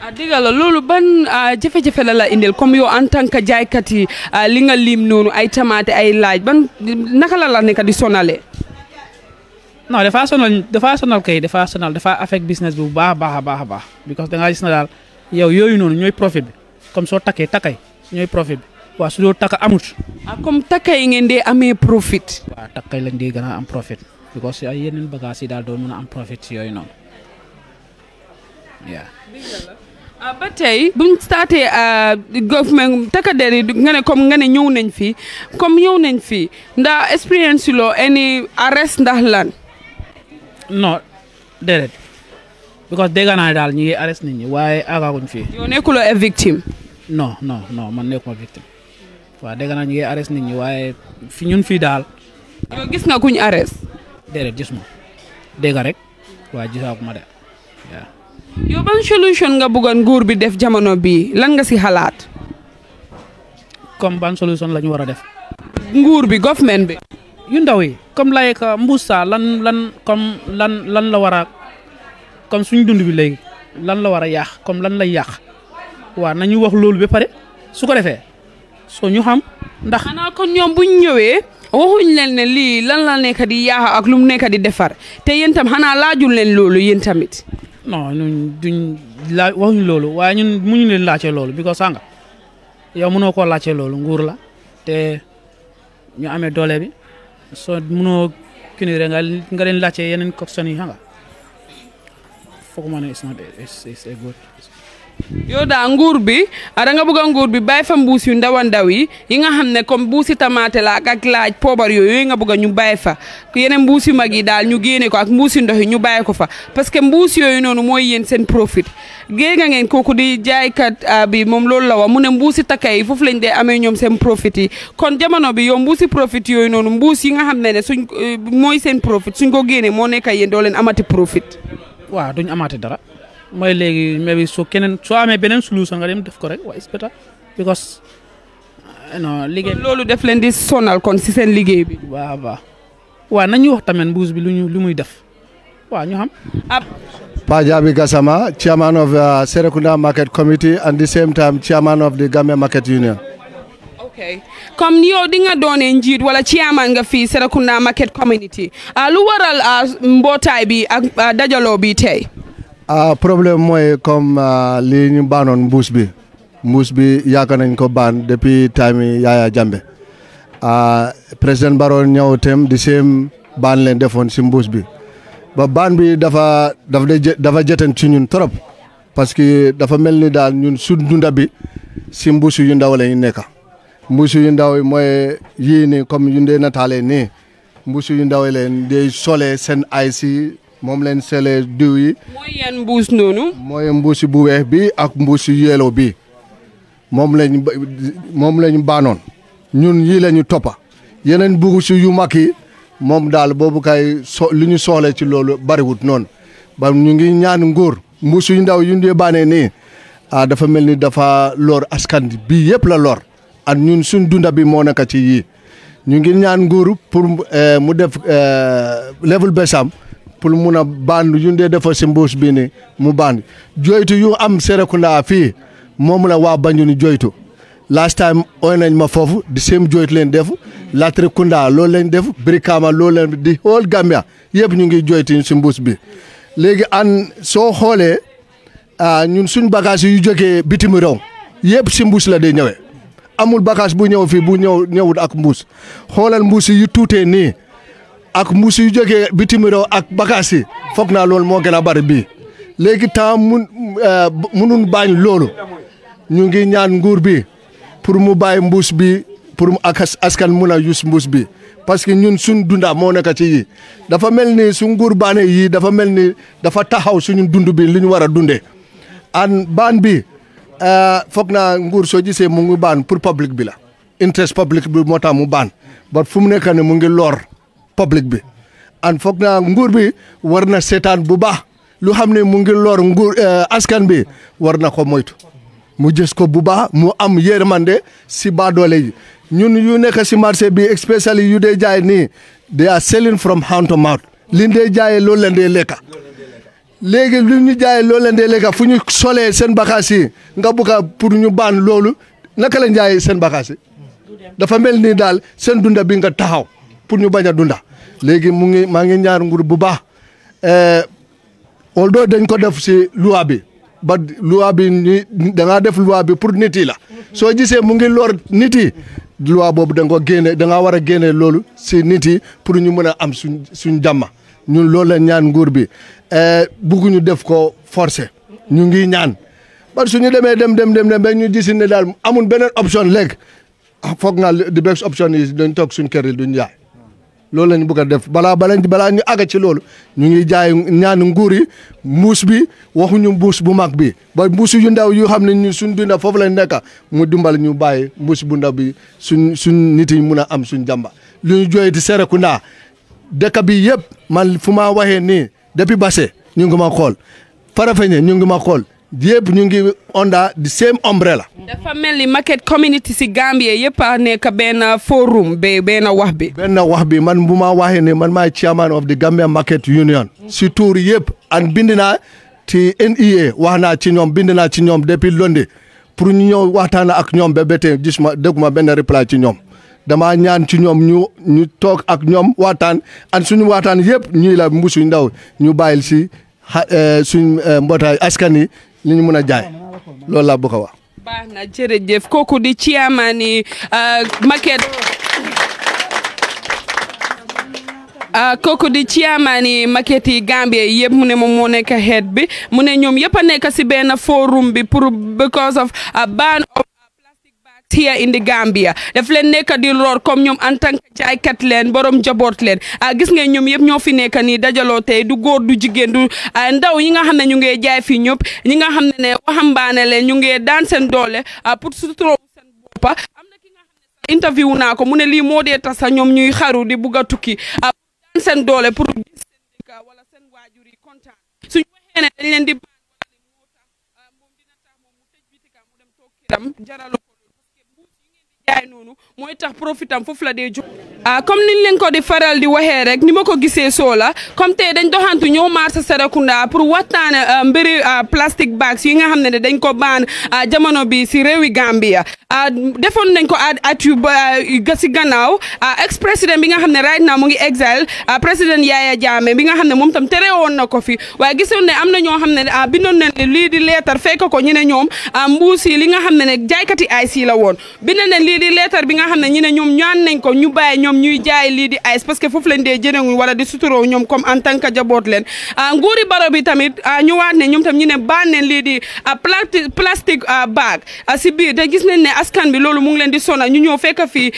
ah dëgg la loolu ban ah, jafe-jafe la la indil comme yow en tant que jaaykat yi ah, li nga lim noonu ay tamaate ay laaj ban naka la la nekk di sonale non dafaa sonal dafaa sonal kay dafaa sonal dafaa affect business bu baax a baax a baax a baax because da ngaa gis na daal yow yooyu noonu ñooy profit bi comme soo takkee takkay ñooy profit bi waaw su doo takka amut. ah comme takkay ngeen dee amee profit. waaw takkay lañ dee gën a am profit because ay yeneen bagages yi daal doo mën a am profit yooyu noonu waaw. Ah, ba tey buñ starté ah, government takkadeer yi nga ne comme nga ne ñëw nañ fi comme ñëw nañ fi ndax expérience loo any arrest ndax lan non déedéet because dégg naa daal ñu ngi arrest nit ñi waaye aagaaguñ fii yow nekkuloo e victime non non non man nekkuma victime waaw dégg naa ñu ngi arrest nit ñi waaye fi ñun fii daal yow gis nga kuñ arrest déedéet gis ma dégg rek waaye gisaaguma de waaw yow ban nga bëggoon nguur bi def jamono bii lan nga si xalaat. comme ban solution la war a def. nguur bi government bi. yu ndaw yi comme like uh, Moussa lan lan comme lan lan la war a comme suñu dund bi léegi lan la war a yàq comme lan lay yàq waaw nañu wax loolu ba pare su ko defee soo ñu xam ndax. xanaa kon ñoom bu ñu ñëwee waxuñ leen ne lii lan la nekk di yàq ak lu mu nekk di defar te yéen tam xanaa laajul leen loolu yéen tamit. non ñun duñ laaj waxuñ loolu waaye ñun muñu leen laajte loolu bi ko sànga yow mënoo koo laajte loolu nguur la te ñu amee doole bi soo mënoo kii nga nga leen laajte yeneen coxon yi xam nga foog ma ne yow daa nguur bi ah, da nga bëgg a nguur bi bàyyi fa mbuus yu ndawa a ndaw yi yi nga xam ne comme mbuusi tamaate laak ak laaj poobar yooyu yooyu nga bëgg a ñu bàyyi fa yeneen mbuus yu mag yi daal ñu génne ko ak mbuusi ndox yi ñu bàyyi ko fa parce que mbuus yooyu noonu mooy yéen seen profit géey nga ngeen kooku di jaaykat ah, bi moom loolu la wax mu ne mbuusi takka yi foofu lañ dee amee ñoom seen profit yi kon jamono bi yow mbuusi profit yooyu noonu mbuus yi nga xam ne ne suñ eh, mooy seen profit suñ ko génne moo nekk yéen doo leen amati profit waaw duñ amati dara mooy léegi maybe soo keneen soo amee beneen solution nga dem def ko rek waaye spéta because euh, liggéey loolu def leen di sonal kon si seen liggéey bi. waaw waaw waaw nañu wax tamit mbuus bi lu ñu lu muy def waa ñu xam. Pajabi Gassama, chairman of uh, Serekunda Market Committee and the same time chairman of the Gambia Market Union. Okay. Comme yow di nga doone njiit wala chairman nga fii Serekunda Market Community uh, lu waral uh, mbootaay bi ak uh, dajaloo bi tey. ah problème mooy comme ah, li ñu baanoon mbuus bi mbuus bi yaakaar nañ ko baan depuis time yi Yaya Jammeh ah, président Barrow ñëw di seen baan leen defoon si mbuus bi ba baan bi dafa dafa dafa jëtan ci ñun trop parce que dafa mel ni daal ñun su dunda bi si mbuus yu ndaw la ñu nekk mbuus yu ndaw yi mooy yii nii comme yu ndee nataalee nii mbuus yu ndaw yi leen di solee seen ay si mom len selé diw yi moy yeen mbous nonu moy mbousi bu weex bi ak mbousi yelo bi mom lañ mom lañ banon ñun yi lañu topa yeneen ci yu maki mom dal bobu kay so li non. soxla ci loolu bariwut noonu ba ñu ngi ñaan ngor mbousu yu ndaw yu bané ni a dafa melni dafa lor askan bi yépp la lor ak ñun suñ dunda bi mo naka ci yi ñu ngi ñaan ngor pour eh, mu def eh, level besam pour mun a bandu yu dee defar si bii nii mu bandi joytu yu am Serekunda fii moom la waa Banjul joytu last time oy nañ ma foofu di same joytu leen def Latrikunda loolu leen def kaama loolu leen di whole Gambia yëpp ñu ngi joytu si mbuus bi léegi an soo xoolee ñun suñ bagage yu jógee bitim réew yëpp si mbuus la dee ñëwee amul bagage bu ñëw fii bu ñëw ñëwul ak mbuus xoolal mbuus yi tuutee nii ak mbuus yu jógee bitim ak bagaas yi foog naa loolu moo gën a bari bii léegi temps mun euh, munun baañ loolu ñu ngi ñaan nguur bi pour mu bàyyi mbuus bi pour mu ak askan mun a yus mbuus bi parce que ñun suñ dunda moo nekk ci yii dafa mel ni su nguur baane yii dafa mel ni dafa taxaw suñu dund bi li ñu war a dundee an baan bi euh, foog naa nguur soo gisee mu ngi baan pour public bi la interest bi moo tax mu baan ba fu mu nekk ni mu ngi loor public bi an foog na nguur bi war na seetaan bu baax lu xam ne mu ngi loor nguur eh, askan bi war na ko moytu mu jës ko bu baax mu am yërmande si baadoole yi ñun yu nekk si marché bi especially yu dee jaay ni they are selling from hand to mouth liñ dee jaayee loolu lañ dee lekka léegi lu ñu jaayee loolu lañ dee lekka fu ñu solee seen bagages yi nga bëgg a pour ñu baan loolu naka lañ jaayee seen bagages yi dafa mel nii daal seen dunda bi nga taxaw pour ñu bañ dunda legi mu ngi ma ngi ñaar nguur bu baax eh, although dañ ko def si loi bi ba loi bi ni da nga def loi bi pour niti la so gisee mu ngi lor niti loi bobu da nga ko da nga wara gene ci si niti pour ñu mëna am suñ suñ jàmm ñun loolu la ñaan nguur bi eh, ñu def ko forcer ñu ngi ñaan ba suñu démé dem dem dem dem ba ñu gis ne dal amul benen option leg, ah, foog na di best option is dañ tok suñ kër yi duñ yaay loolu lañ bëgg a def balaa bala balaa ñu àgg ci loolu ñu ngi jaay ñaan nguur yi mbuus bi waxuñu mbuus bu mag bi ba mbuus yu ndaw yu xam ne ñu suñ dunda foofu lañ nekk mu dimbal ñu bàyyi mbuus bu ndaw bi suñ suñ nit yi mun a am suñ jàmba lu ñu jooy di naa dëkk bi yëpp man fu ma waxee nii depuis Basse ñu ngi ma xool Farafenni ñu ngi ma xool yëpp ñu ngi onda di same umbrella dafa mel ni market community si Gambie yëpp a nekk benn forum be benn wax bi benn wax bi man bu ma waxee ne man maay chairman of the Gambia Market Union si tuur yëpp an bind naa ci NEA wax naa ci ñoom bind naa ci ñoom depuis lundi pour ñu ñëw waxtaan ak ñoom ba ba tey gis ma dégguma benn reply ci ñoom dama ñaan ci ñoom ñu ñu toog ak ñoom waxtaan an suñu waxtaan yëpp ñii la mbusuñ ndaw ñu bàyyil si eh, suñ eh, mbootaay askan yi li ñu mën a jaay loolu laa bëgg a wax. baax na jërëjëf kooku di Chiamani euh, Market. Euh, kooku di Chiamani Market yi Gambie yëpp mu ne moom moo nekk head bi mu ne ñoom yëpp a nekk si benn forum bi pour because of euh, ban. here indi the Gambia daf leen nekk di roor comme ñoom en tant que jaaykat leen borom jaboot leen ah gis ngeen ñoom yëpp ñoo fi nekk nii dajaloo tey du góor du jigéen du ah, ndaw yi nga xam ne ñu ngi jaay fii ñëpp ñi nga xam ne ne waxambaane leen ñu ngi daan seen doole ah, pour suturoo seen bopp am na ki nga xam interview naa ko mu ne lii moo dee tax sax ñoom ñuy xaru di bugg a tukki ah, daan seen doole pour wala seen waajur yi kontaan suñu leen di baan moom dina jaay noonu mooy tax profit am foofu a dee jóg. ah comme niñ leen ko di faral di waxee rek ni ma ko gisee soo la comme tey dañ doxantu ñëw marché Serekunda pour waxtaan ah, mbiri ah, plastic bags yi nga xam ne dañ ko baan ah, jamono bi si réewi Gambia defoon nañ ko at yu si gannaaw ex président bi nga xam ne right now mu ngi exil président Yaya Jammeh bi nga xam ne moom tam tere woon na ko fi waaye gisoon ne am na ñoo xam ne bindoon nañ ne lii di leetar fekk ko ñu ne ñoom mbuus yi li nga xam ne ne jaaykati ay si la woon bind nañ lii di xam ne ñu ne ñoom ñaan nañ ko ñu bàyyi ñoom ñuy jaay lii di ice parce que foofu lañ dee jënewuñ wala di suturoo ñoom comme en tant que jaboot leen ah, nguuri baro bi tamit ah, ñu waat ne ñoom tam ñu ne baan neen lii di ah, plastique bag si biir te gis nañ ne askan bi loolu mu ngi leen di sona ñu ñëw fekk fii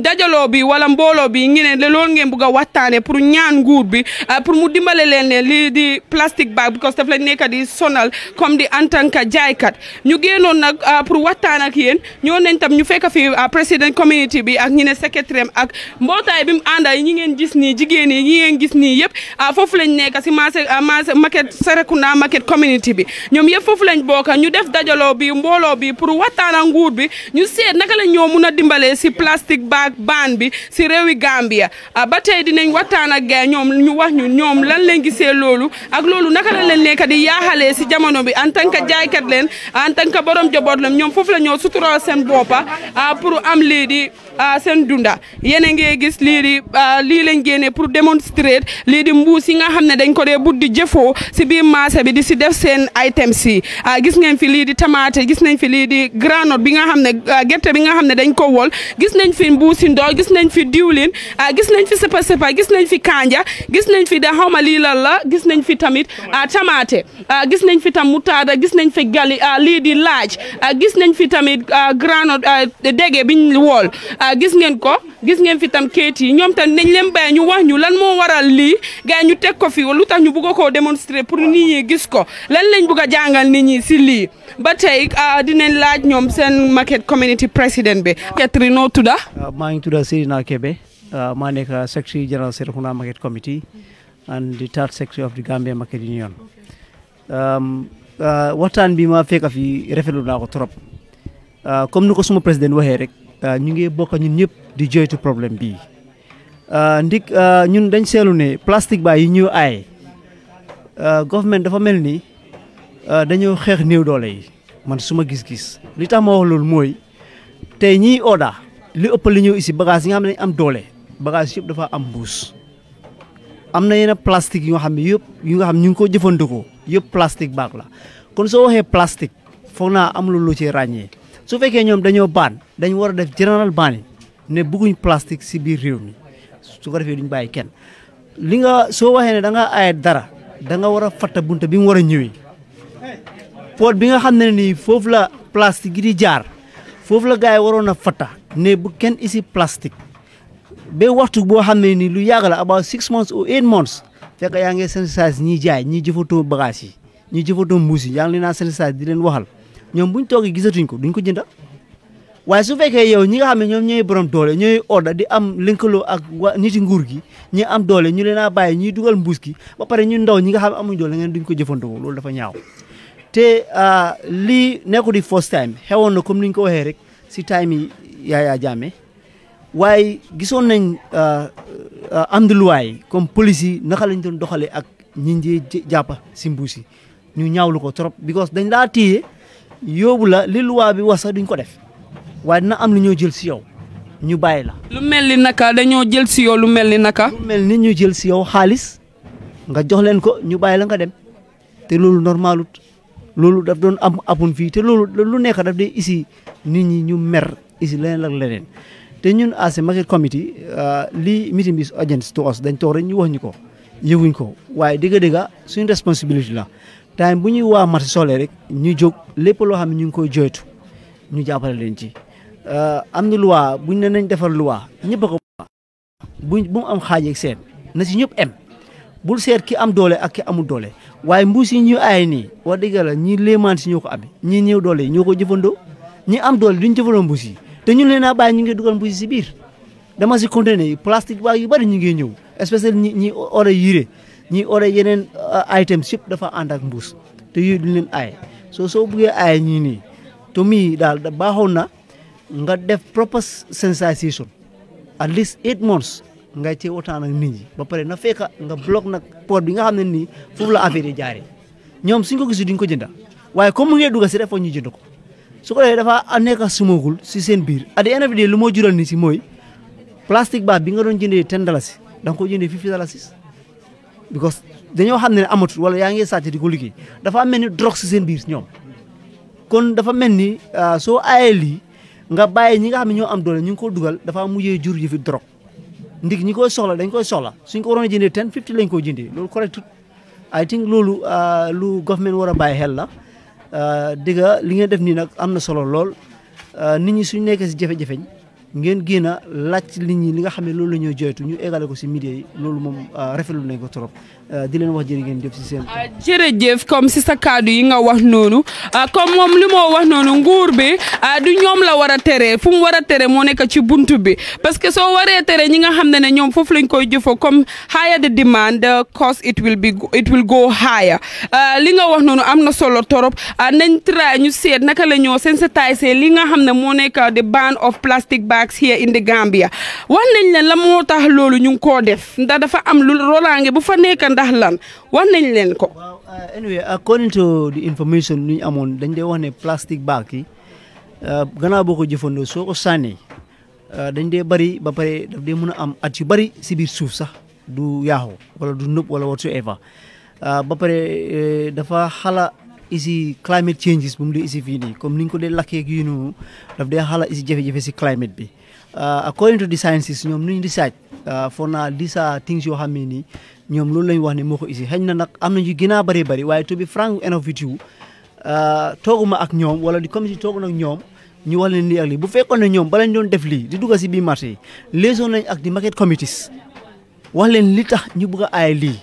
dajaloo bi wala mbooloo bi ngi ne loolu ngeen bugg a waxtaane pour ñaan nguur bi pour mu dimbale leen ne lii di plastique bag because daf lañ nekk di sonal comme di en tant que jaaykat ñu génnoon nag pour waxtaan ak yéen ñoo nañ tam ñu fekk fii président community ñu ne secrétaire ak mbootaay bi mu gis nii jigéen yi ñi gis nii yëpp ah, foofu lañ nekk si marché ah, marché market Serekunda market community bi ñoom yëpp foofu lañ bokk ñu def dajaloo bi mbooloo bi pour waxtaan ak nguur bi ñu seet naka la ñoo mun a dimbalee si plastique bag ban bi si réewi Gambia ah, ba tey dinañ waxtaan ak gars ñoom ñu wax ñu ñoom lan lañ gisee loolu ak loolu naka la leen nekk di yaaxalee si jamono bi en tant que jaaykat leen en tant que borom jaboot leen ñoom foofu la ñoo sutural seen boppa am lii Thank you. seen dunda yéen a ngi gis lii di lii lañ génnee pour démontrer lii di mbuus yi nga xam ne dañ ko dee buddi jëfoo si biir marché bi di si def seen items si gis ngeen fi lii di tamaate gis nañ fi lii di granot bi nga xam ne gerte bi nga xam ne dañ ko wol gis nañ fi mbuusi ndox gis nañ fi diwlin gis nañ fi sëpa sëpa gis nañ fi kanja gis nañ fi da xawma lii la gis nañ fi tamit tamaate gis nañ fi tam mutaada gis nañ fi gali lii di laaj gis nañ fi tamit granot dege biñ wool Ah, gis ngeen ko gis ngeen fi tam kayit yi tam nañ leen bay ñu wax ñu lan mo waral li gaay ñu tek ko fi lu tax ñu bëgg ko démontrer pour nit ñi gis ko lan lañ bëgg jangal nit ñi ci li ba ah, dinañ laaj ñom sen market community President be, Catherine noo tuda ah, maa ngi tuda serina Kebe ma nek secretary general Serekunda market committee and the third secretary of the Gambia market union um, waxtaan bi ma fekk fi refelu na ko trop comme ni suma Euh, ñu ngi bokk ñun ñëpp di joytu problème bii euh, ndik euh, ñun dañ seelu ne plastique baa yi ñu aay government dafa mel nii dañoo xeex néew doole yi man suma gis-gis li tax ma wax loolu mooy tey ñiy oda li ëpp li ñëw ici bagage yi nga xam ne am doole bagage yëpp dafa am mbuus am na yenn plastique yoo xam ne yëpp yu nga xam ñu ngi ko jëfandikoo yëpp plastique baag la kon soo waxee plastique foog naa am lu lu su fekkee ñoom dañoo baan dañ war a def ban ne bëgguñ plastique si biir réew mi su ko defee duñ bàyyi kenn li nga soo waxee ne da nga aaye dara da nga war a fatta bunta bi mu war a ñëwee poot bi nga xam ne nii foofu la plastique di jaar foofu la gars yi fatta ne bu kenn isi plastique Be waxtu boo xam ne lu yàgg la about six months or eight months fekk yaa ngi sensitise ñi jaay ñi jëfatoo bagage yi ñi jëfatoo mbuus yi yaa ngi leen di leen waxal ñoom buñ toogee gisatuñ ko duñ ko jënda waaye su fekkee yow ñi nga xam ne ñoom ñooy borom doole ñooy orda di am lëkkaloo ak waa niti nguur gi ñi am doole ñu leen a bàyyi ñuy dugal mbuus gi ba pare ñu ndaw ñi nga xam ne amuñ doole ngeen duñ ko jëfandikoo loolu dafa ñaaw te ah, lii nekku di first time xewoon na comme ni ñu ko waxee rek si time yi Yaya Jammeh waaye gisoon nañ ah, ah, am luwaay comme police yi naka lañ doon doxalee ak ñi njee jàppa si mbuus yi ñu ñaawlu ko trop yóbbu la li luwaa bi wax sax duñ ko def waaye dina am lu ñoo jël si yow ñu bàyyi la. lu mel ni naka dañoo jël si yow lu mel ni naka. lu mel ni ñu jël si yow xaalis nga jox leen ko ñu bàyyi la nga dem te loolu normalut loolu daf doon am apun fii te loolu lu nekk daf dee isi nit ñi ñu mer isi leneen ak leneen te ñun as a market committee euh, lii meeting bi audience to us dañ toog rek ñu wax ñu ko yëguñ ko waaye dëgg-dëgg suñu responsabilité la. time bu ñuy waa marché soleil rek ñu jóg lépp loo xam ne ñu ngi koy joytu ñu jàppale leen ci euh, am na loi buñ ne nañ defar luwaa ñëpp a bu am xaaj ak seen na si ñëpp em bul seet ki am doole ak ki amul doole waaye mbuus yi ñu aay nii wax dëgg la ñi léemaan si ñoo ko am ñi ñëw doole yi ñoo ko jëfandoo ñi am doole duñ jëfandoo mbuus yi te ñu leen naa bàyyi ñu ngi dugal mbuus yi si biir dama si conteneur yi plastique baa yu bari ñu ngi ñëw especially ñi ñi ore ñi oré yenen uh, item ship dafa and ak mbuss te yu duñ len ay so so buggee ay ñi ni to mi dal da baaxoon na nga def proper sensation at least eight months nga ci waxtaan ak nit ñi ba paré na fekk ah, nga block nak port bi nga xamné ni nii la affaire yi jaaré ñom suñ ko gisu duñ ko jënda waye comme mu ngee dugg ci dafa ñu jënd ko su ko defee dafa nekk sumagul ci seen biir at the end of the day lu mo jural ni ci moy plastique ba bi nga doon jëndé ten dollars dang ko jëndé 50 dollars because dañoo xam ne amatul wala yaa ngi sàcc di ko liggéey dafa mel ni drogue si seen biir ñoom kon dafa mel ni euh, soo aayee lii nga bàyyi ñi nga xam ne ñoo am doole ñu ngi ko dugal dafa mujjee jur yi fi drogue ndig ñi koy soxla dañ koy soxla suñ ko waroon a jëndee ten fifty lañ ko jëndee loolu correct I think loolu euh, lu government war a bàyyi xel la euh, dëgg li ngeen def nii nag am na solo lool nit ñi suñ nekkee si jafe-jafeñ ngeen génn a laaj li ñi li nga xam ne loolu la ñuy joytu ñu eggale ko si média yi loolu moom euh, rafetlu nañ ko trop euh, di leen wax jërë ngeen jëf si seen. Euh, jërëjëf comme si sa kaddu yi nga wax noonu comme moom li moo wax noonu nguur bi du ñoom la war a tere fu mu war a tere moo nekk ci buntu bi parce que soo waree tere ñi nga xam ne ne ñoom foofu lañ koy jëfoo comme higher the demand the cost it will be it li nga wax noonu am na solo trop nañ ñu seet naka la ñoo sensitiser li nga xam ne moo nekk uh, the ban of plastic bag blacks here in the Gambia wax nañ la moo tax loolu ñu ngi koo def ndax dafa am lu rolaange bu fa nekk ndax lan wax nañ leen ko. waaw uh, anyway according to the information lu amoon dañ dee wane ne plastic bag yi uh, gannaaw boo ko jëfandoo soo ko uh, dañ dee bari ba pare daf dee mën am at yu bari si biir suuf sax du yaaxu wala du nëb wala whatsoever ba pare dafa xala isi climate changes bu mu dee isi fii nii comme ni ñu ko dee lakkeeg yu noonu daf dee xala isi jafe-jafe si climate bi uh, according to the sciences ñoom di research uh, for naa these are things yoo xam ne nii ñoom loolu lañ wax ne moo ko isi xëy na nag am na ñu gën a bëree bëri waaye to be frank enough with you uh, tooguma ak ñoom wala di comité tooguma ak ñoom ñu wax leen lii ak lii bu fekkoon ne ñoom bala ñu doon def lii di dugg si bii marché yi liaison nañ ak di market committees wax leen li tax ñu bëgg a aay lii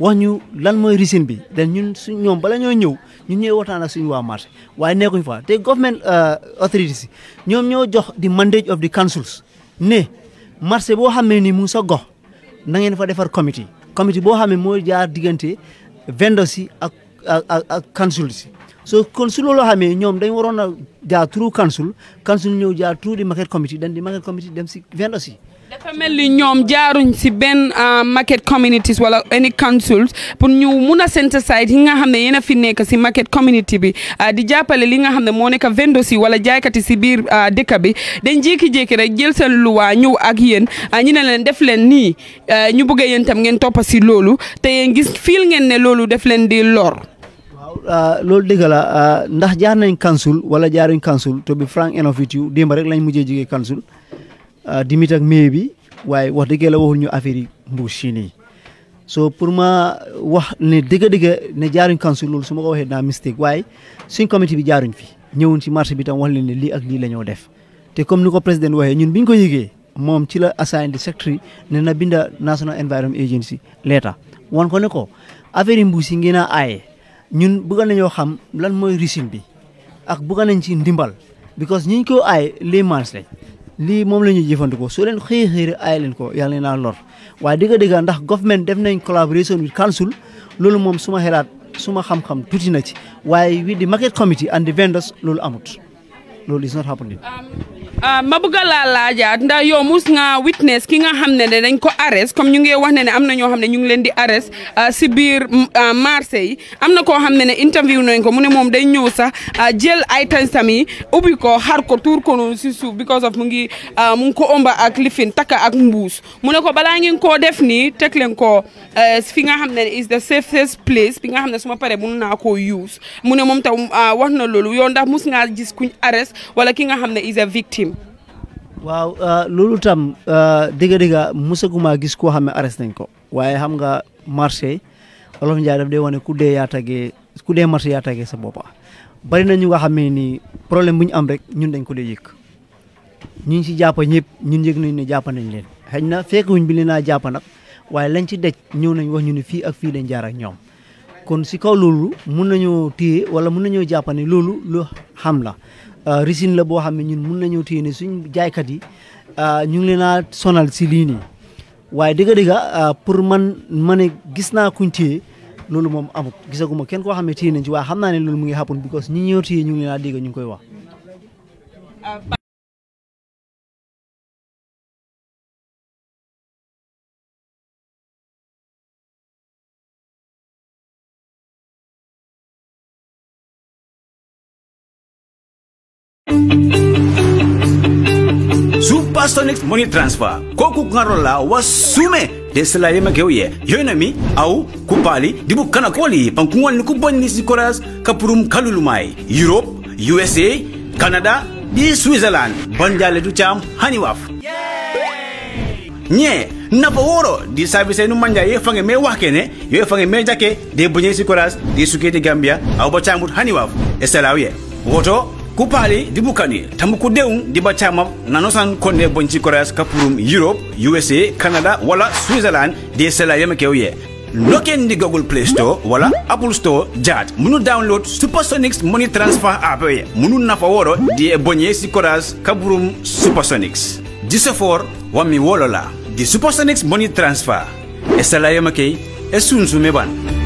wax ñu lan mooy reason bi dañ ñun su ñoom bala ñoo ñëw ñun ñooy waxtaan ak suñu waa marché waaye nekkuñ fa te government euh, authorities yi ñoom ñoo jox di mandate of the councils ne marché boo xam ne nii mu sa gox na ngeen fa defar comité comité boo xam ne mooy jaar diggante vendors yi ak ak ak councils yi so xamee ñoom dañ waroon a jaar through council council ñëw jaar through di market committee dem si vendors yi dafa mel ni ñoom jaaruñ si benn euh, market communities wala any councils pour ñu mun a synthesize yi nga xam ne yéen a fi nekk si market community bi euh, di jàppale li nga xam ne moo nekk vendors yi wala jaaykati si biir euh, dëkk bi dañ jékki-jékki rek jël seen luwaa ñëw ak yéen ñu ne leen def leen nii ñu bëgg yéen tam ngeen toppa si loolu te yéen gis fiil ngeen ne loolu def leen di lor. loolu dëgg la ndax jaar nañ council wala jaaruñ council to be frank enough with you rek lañ mujjee jigee council Euh, dimit ak mai bi waaye wax dëgg la waxul ñu affaire yi mbuus yi nii so pour ma euh, wax ne dëgg-dëgg ne jaaruñ council loolu su ma ko waxee naa mistake waaye suñ comité bi jaaruñ fi ñëwuñ si marché bi tam wax leen ne lii ak lii la ñoo def te comme ni ko président waxee ñun bi ñu ko yëgee moom ci la assign di secretary ne na binda National Environment Agency leeta wan ko ne ko affaire yi mbuus yi ngeen a aaye ñun bëgg nañoo xam lan mooy régime bi ak bëgg nañ ci ndimbal because ñiñ ko aaye les mans lii moom la ñuy jëfandikoo soo leen xëy xëy rek aay leen ko yàlla naa lor waa digga digga ndax government def nañ collaboration with council loolu moom suma xelaat suma xam-xam tuuti na ci waaye with di market committee and the vendors loolu amut loolu is not happening um, Ah, ma bëgg laa laajaat ndax yow mus nga witness ki nga xam ne ne dañ ko arrest comme ñu ngi wax ne ne am na ñoo xam ne ñu ngi leen di arrest ah, si biir ah, marché yi am na koo xam ne ne interview nañ ko mu ne moom day ñëw sax jël ay tansam yi ubbi ko xar ko tuur ko noonu si suuf because of mu ngi mu ngi ko omba ak lifin takka ak mbuus mu ne ko balaa ngeen koo def nii teg leen ko eh, fi nga xam ne is the safest place bi nga xam ne suma pare mun naa ko use mu ne moom tam wax na loolu yow ndax mus nga jis kuñ arrest wala ki nga xam ne is a waaw eh, loolu tam uh, eh, diga musaguma gis koo xam ne arrêté nañ ko waaye xam nga marché olof njaay daf dee wane ku dee yaa tagee ku dee marché yaa tagee sa boppa bari na ñu nga ni problem nii problème bu ñu am rek ñun dañ ko dee yëg si jàpp ñëpp ñun yëg nañ ne jàpp nañ leen xëy na fekkewuñ bi leen naa jàpp nag waaye lañ ci de ñëw nañ wax ñu ne fii ak fii dañ jaar ak ñoom kon si kaw loolu mun nañoo téye wala mun nañoo japa ne loolu lu xam Euh, risin la boo xam ne ñun mun nañoo téye ne suñ jaaykat yi euh, ñu ngi leenaa sonal si lii waaye dëgg dëgg euh, pour man ma ne gis naa kuñ téye loolu moom amut gisaguma kenn koo xam ne téye nañ ci waaye xam naa ne loolu mu ngi happen because ñi ñëw téye ñu ngi leen a dégg koy wax. Masonic Money Transfer koku ngarola wasume desela yema keuye yonami au kupali dibu kana koli pankungwani kuboni sikoras kapurum kalulumai Europe USA Canada di Switzerland banjale du cham haniwaf nye nafa woro di service nu manja ye fange me wakene ye fange me jake de bunye sikoras di sukete Gambia au bachamut haniwaf eselawiye woto kupali ndi buccaneer tamukudewum di bacamam nanosan konne bonci koreas kapurum europe usa canada wala switzerland di sela yeme kew ye loken ndi google play store wala apple store jat munu download supersonics money transfer app ye munu nafa woro di e boñe si koreas kapurum supersonics disofor wammi wolola di supersonics money transfer e sela yeme key e sunsume ban